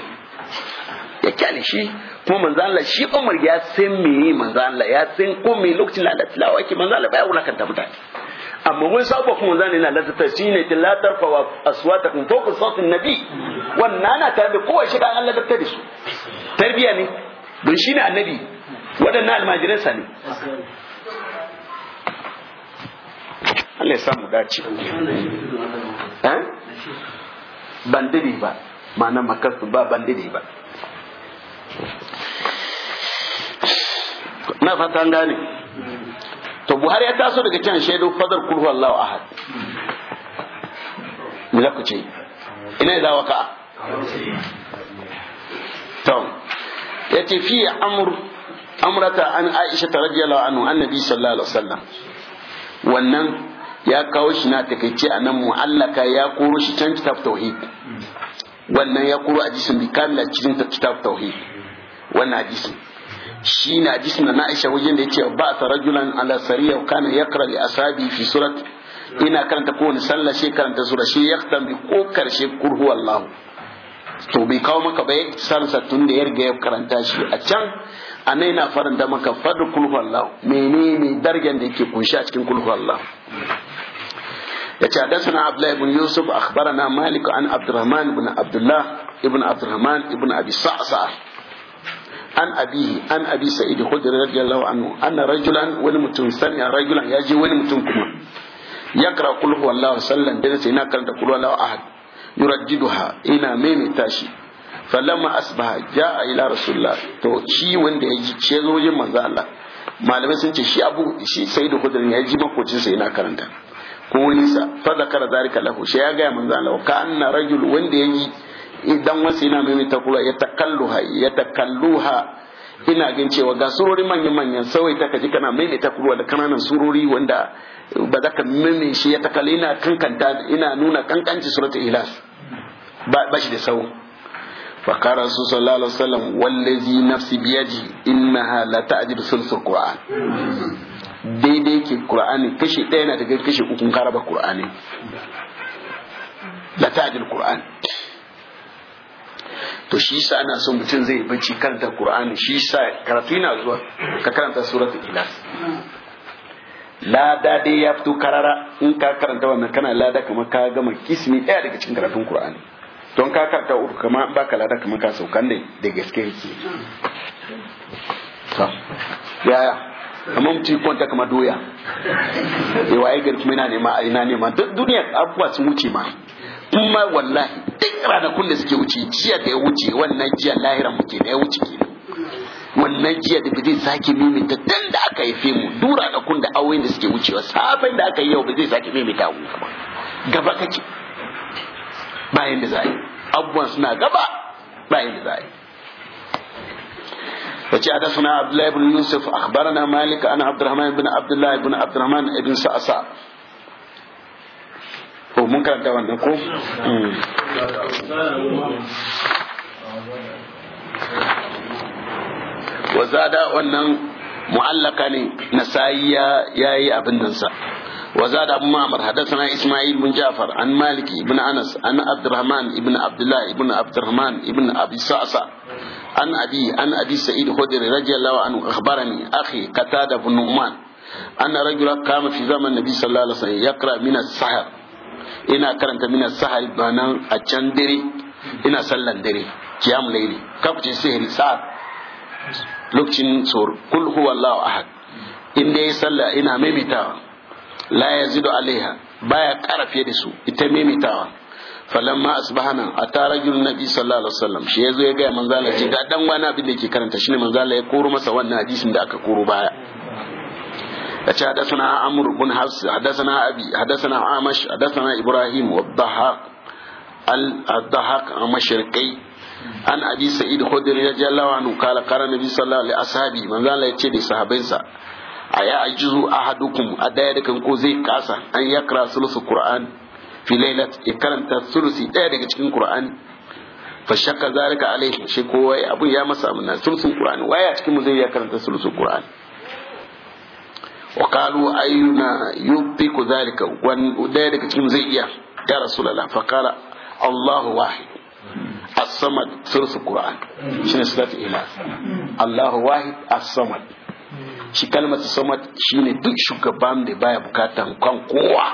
ya kyale shi kuma manzo Allah shi Umar ya san meye manzo Allah ya san ko me lokacin da Allah tilawa yake manzo Allah baya wulakanta mutane amma wani sabo kuma manzo Allah yana lazata shi ne la tarfa wa aswatakum fawqa sawti nabi wannan na ta da kowa shi da Allah da su tarbiya ne don shi ne annabi waɗannan sa ne Allah ya samu dace eh? ban dade ba ma'ana makasu ba ban dade ba na fata an gane to buhari ya taso daga can shaidu fadar kulhu wa ahad me za ku ce ina da waka to ya ce fi amur amrata an aisha ta radiyallahu anhu annabi sallallahu alaihi wasallam wannan ya kawo shi na takaice a nan mu'allaka ya koro shi can kitab tauhid wannan ya koro a jisun bi kamila cikin kitab tauhid wannan hadisi shi na hadisi na Aisha wajen da yake ba ta rajulan ala sariya kana yakra li asabi fi surat ina karanta ko ni sallah shi karanta sura shi yaktan bi ko karshe kurhu Allah to bai kawo maka bai sarsa tun da ya riga ya karanta shi a can a na faranta maka fadu kulhu Allah menene dargan da yake kunshi a cikin kulhu Allah yace na abdullah ibn yusuf na malik an abdurrahman ibn Abdullahi, ibn abdurrahman ibn abi sa'sa an abihi an abi sa'id khudri radiyallahu anhu anna rajulan wani mutum sami rajulan ya je wani mutum kuma yakra kullu wallahu sallan da sai na karanta kullu wallahu ahad yurajjiduha ina maimaita shi falamma asbaha jaa ila rasulullah to shi wanda ya ji ce zo wajen manzo Allah malamai sun ce shi abu shi sai da kudurin ya ji makocin sai na karanta ko nisa fa zakara zalika lahu shi ya ga manzo Allah ka anna rajul wanda ya ji Idan wasu yana mai kula ya takalluha ya takalluha ina gan cewa ga surori manyan manyan sawai ta kaji kana mai kula da kananan surori wanda ba za ka mene shi ya takalla ina kankanta ina nuna kankanci suratul ilas ba shi da sau فقال رسول صلى الله عليه وسلم والذي نفسي بيدي la لا تعجب ثلث القرآن daidai ke Qur'ani kashi ɗaya na daga kashi ukun karaba Qur'ani la ta'jil Qur'an to shi sa ana so mutum zai bacci karanta qur'ani shi sa karatu yana zuwa ka karanta suratul ikhlas lada dai ya fito karara in ka karanta wannan kana lada kamar ka gama kismi daya daga cikin karatun qur'ani don ka karanta uku kamar ka lada kamar ka saukan ne da gaske yake yaya amma mutum kwanta kama doya ya waye gari kuma yana nema a ina nema duk duniya abubuwa sun wuce ma in ma wallahi duk ranakun da suke wuce jiya da ya wuce wannan jiya lahiran muke da ya wuce kenan wannan jiya da zai sake mimita dan da aka haife mu duk ranakun da awoyin da suke wucewa sabon da aka yi yau ba zai sake mimita mu ba gaba kake bayan da zai yi abubuwan suna gaba bayan da zai yi وجاء حدثنا عبد الله بن يوسف اخبرنا مالك عن عبد الرحمن بن عبد الله بن عبد الرحمن بن سعسع ko mun karanta wannan ko wazada wannan mu'allaka ne nasayi ya yi abin nan sa وزاد أبو معمر حدثنا إسماعيل بن جعفر عن مالك بن أنس عن عبد الرحمن بن عبد الله بن عبد الرحمن بن أبي صعصع عن أبي عن أبي سعيد خدري رضي الله عنه أخبرني أخي قتادة بن نعمان أن رجلا قام في زمن النبي صلى الله عليه وسلم يقرأ من السحر ina karanta mina sahari banan a can dare ina sallan dare kiyam laili kafin sihiri sa lokacin tsoro kul huwa Allahu ahad in dai sallah ina maimaitawa la yazidu alaiha baya kara fiye da su ita maimaitawa falamma asbahana tara rajulun nabi sallallahu alaihi wasallam shi yazo ya ga manzala ji ga dan wani abin da yake karanta shine manzala ya koro masa wannan hadisin da aka koro baya kace hadathana amr bin hafs hadathana abi hadathana amash hadathana ibrahim wa dhahaq al dhahaq amashirqi an abi sa'id khudri radiyallahu anhu kala qara nabi sallallahu alaihi ashabi manzo Allah yace da sahabbansa aya ajizu ahadukum adaya da kan zai kasa an yakra sulusu qur'an fi lailat ikranta sulusi daya daga cikin qur'an fa shakka zalika alaihi shi kowa abun ya masa amana sulusun zai karanta wa qalu ayyuna yutiku zalika wan daya daga cikin zai iya ya rasulullah fa qala Allahu wahid as-samad suratul qur'an shine suratul ilah shi kalmar samad shine duk shugaban da baya bukatan kan kowa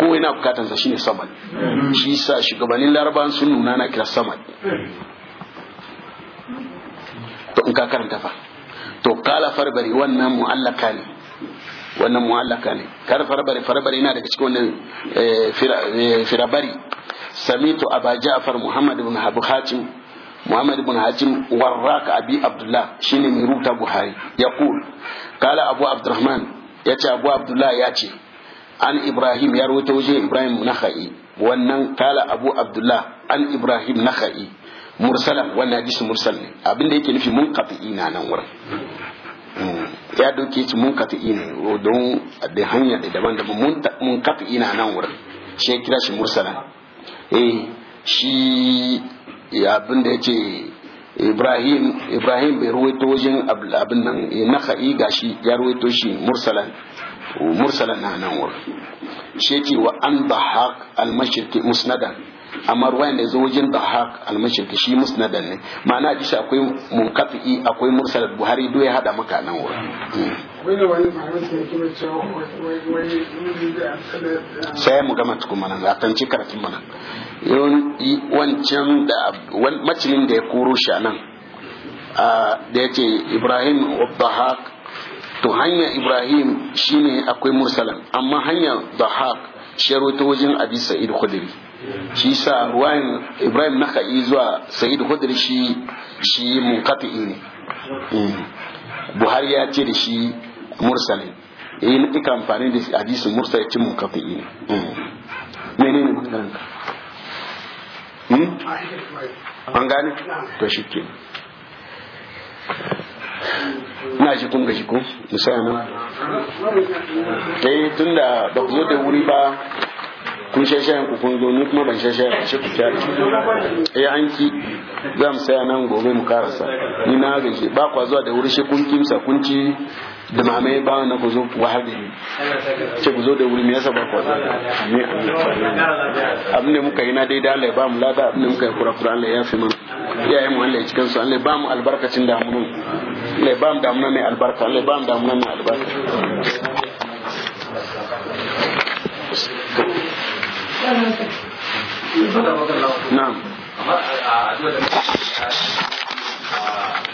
ko yana bukatan sa shine samad shi sa shugabannin laraban sun nuna na kira samad to in ka karanta fa to kala farbari wannan mu'allaka ne wannan mu'allaka ne kar farbari farbari yana daga cikin wannan eh, eh, firabari samitu aba ja'far muhammad ibn abu hatim muhammad ibn hatim warraka abi abdullah shine mai rubuta buhari yaqul kala abu abdurrahman yace abu abdullah yace an ibrahim ya rawaito waje ibrahim nakhai wannan kala abu abdullah an ibrahim nakhai mursalan wannan hadisi mursal ne abinda yake nufi munqati ina nan wurin ya dauke ci mun kafi ina don da hanya da daban daban mun kafi ina nan wurin shi ya kira shi mursala eh shi abin da ya ce ibrahim ibrahim bai ruwaito wajen abin nan eh, naka'i gashi ya ruwaito shi mursala mursala na nan wurin shi ya ce wa an bahaq al-mashriqi musnadan amma ruwan da ya zo wajen dahak almashirki shi musnadan ne ma'ana ji shi akwai munkafi akwai mursal buhari duk ya hada maka nan wurin sai mu gama tukun mana a ci karatun mana wancan da macinin da ya koro shi a nan da ya ce ibrahim dahak to hanya ibrahim shine akwai mursalan amma hanya dahak shi rawaito wajen abi sa'id khudri shi sa ruwan ibrahim naka yi zuwa sa'id khudri shi shi munqati'i ne eh, buhari ya ce da shi mursalin eh na ika amfani da hadisin mursal ya ce munqati'i ne eh, menene maganar ka hmm? an gane to shi ke na ji kun gashi ko musamman eh, tun tunda ba ku zo da wuri ba kun shashayen ku kun zo ni kuma ban shashayen shi ku kyara ya eh, an ki za mu saya nan gobe mu karasa ni na gaji ba kwa zuwa da wuri shi kun kimsa kun ci da mame ba na ku zo wahar da ce ku zo da wuri me yasa ba kwa zuwa ni abin da muka yi na daidai Allah ya ba mu lada abin da muka yi kura kura Allah ya fi mana iyayen mu Allah ya cikin su Allah ya ba mu albarkacin mu lai ba mu damuna mai albarka lai ba mu damuna mai albarka na'am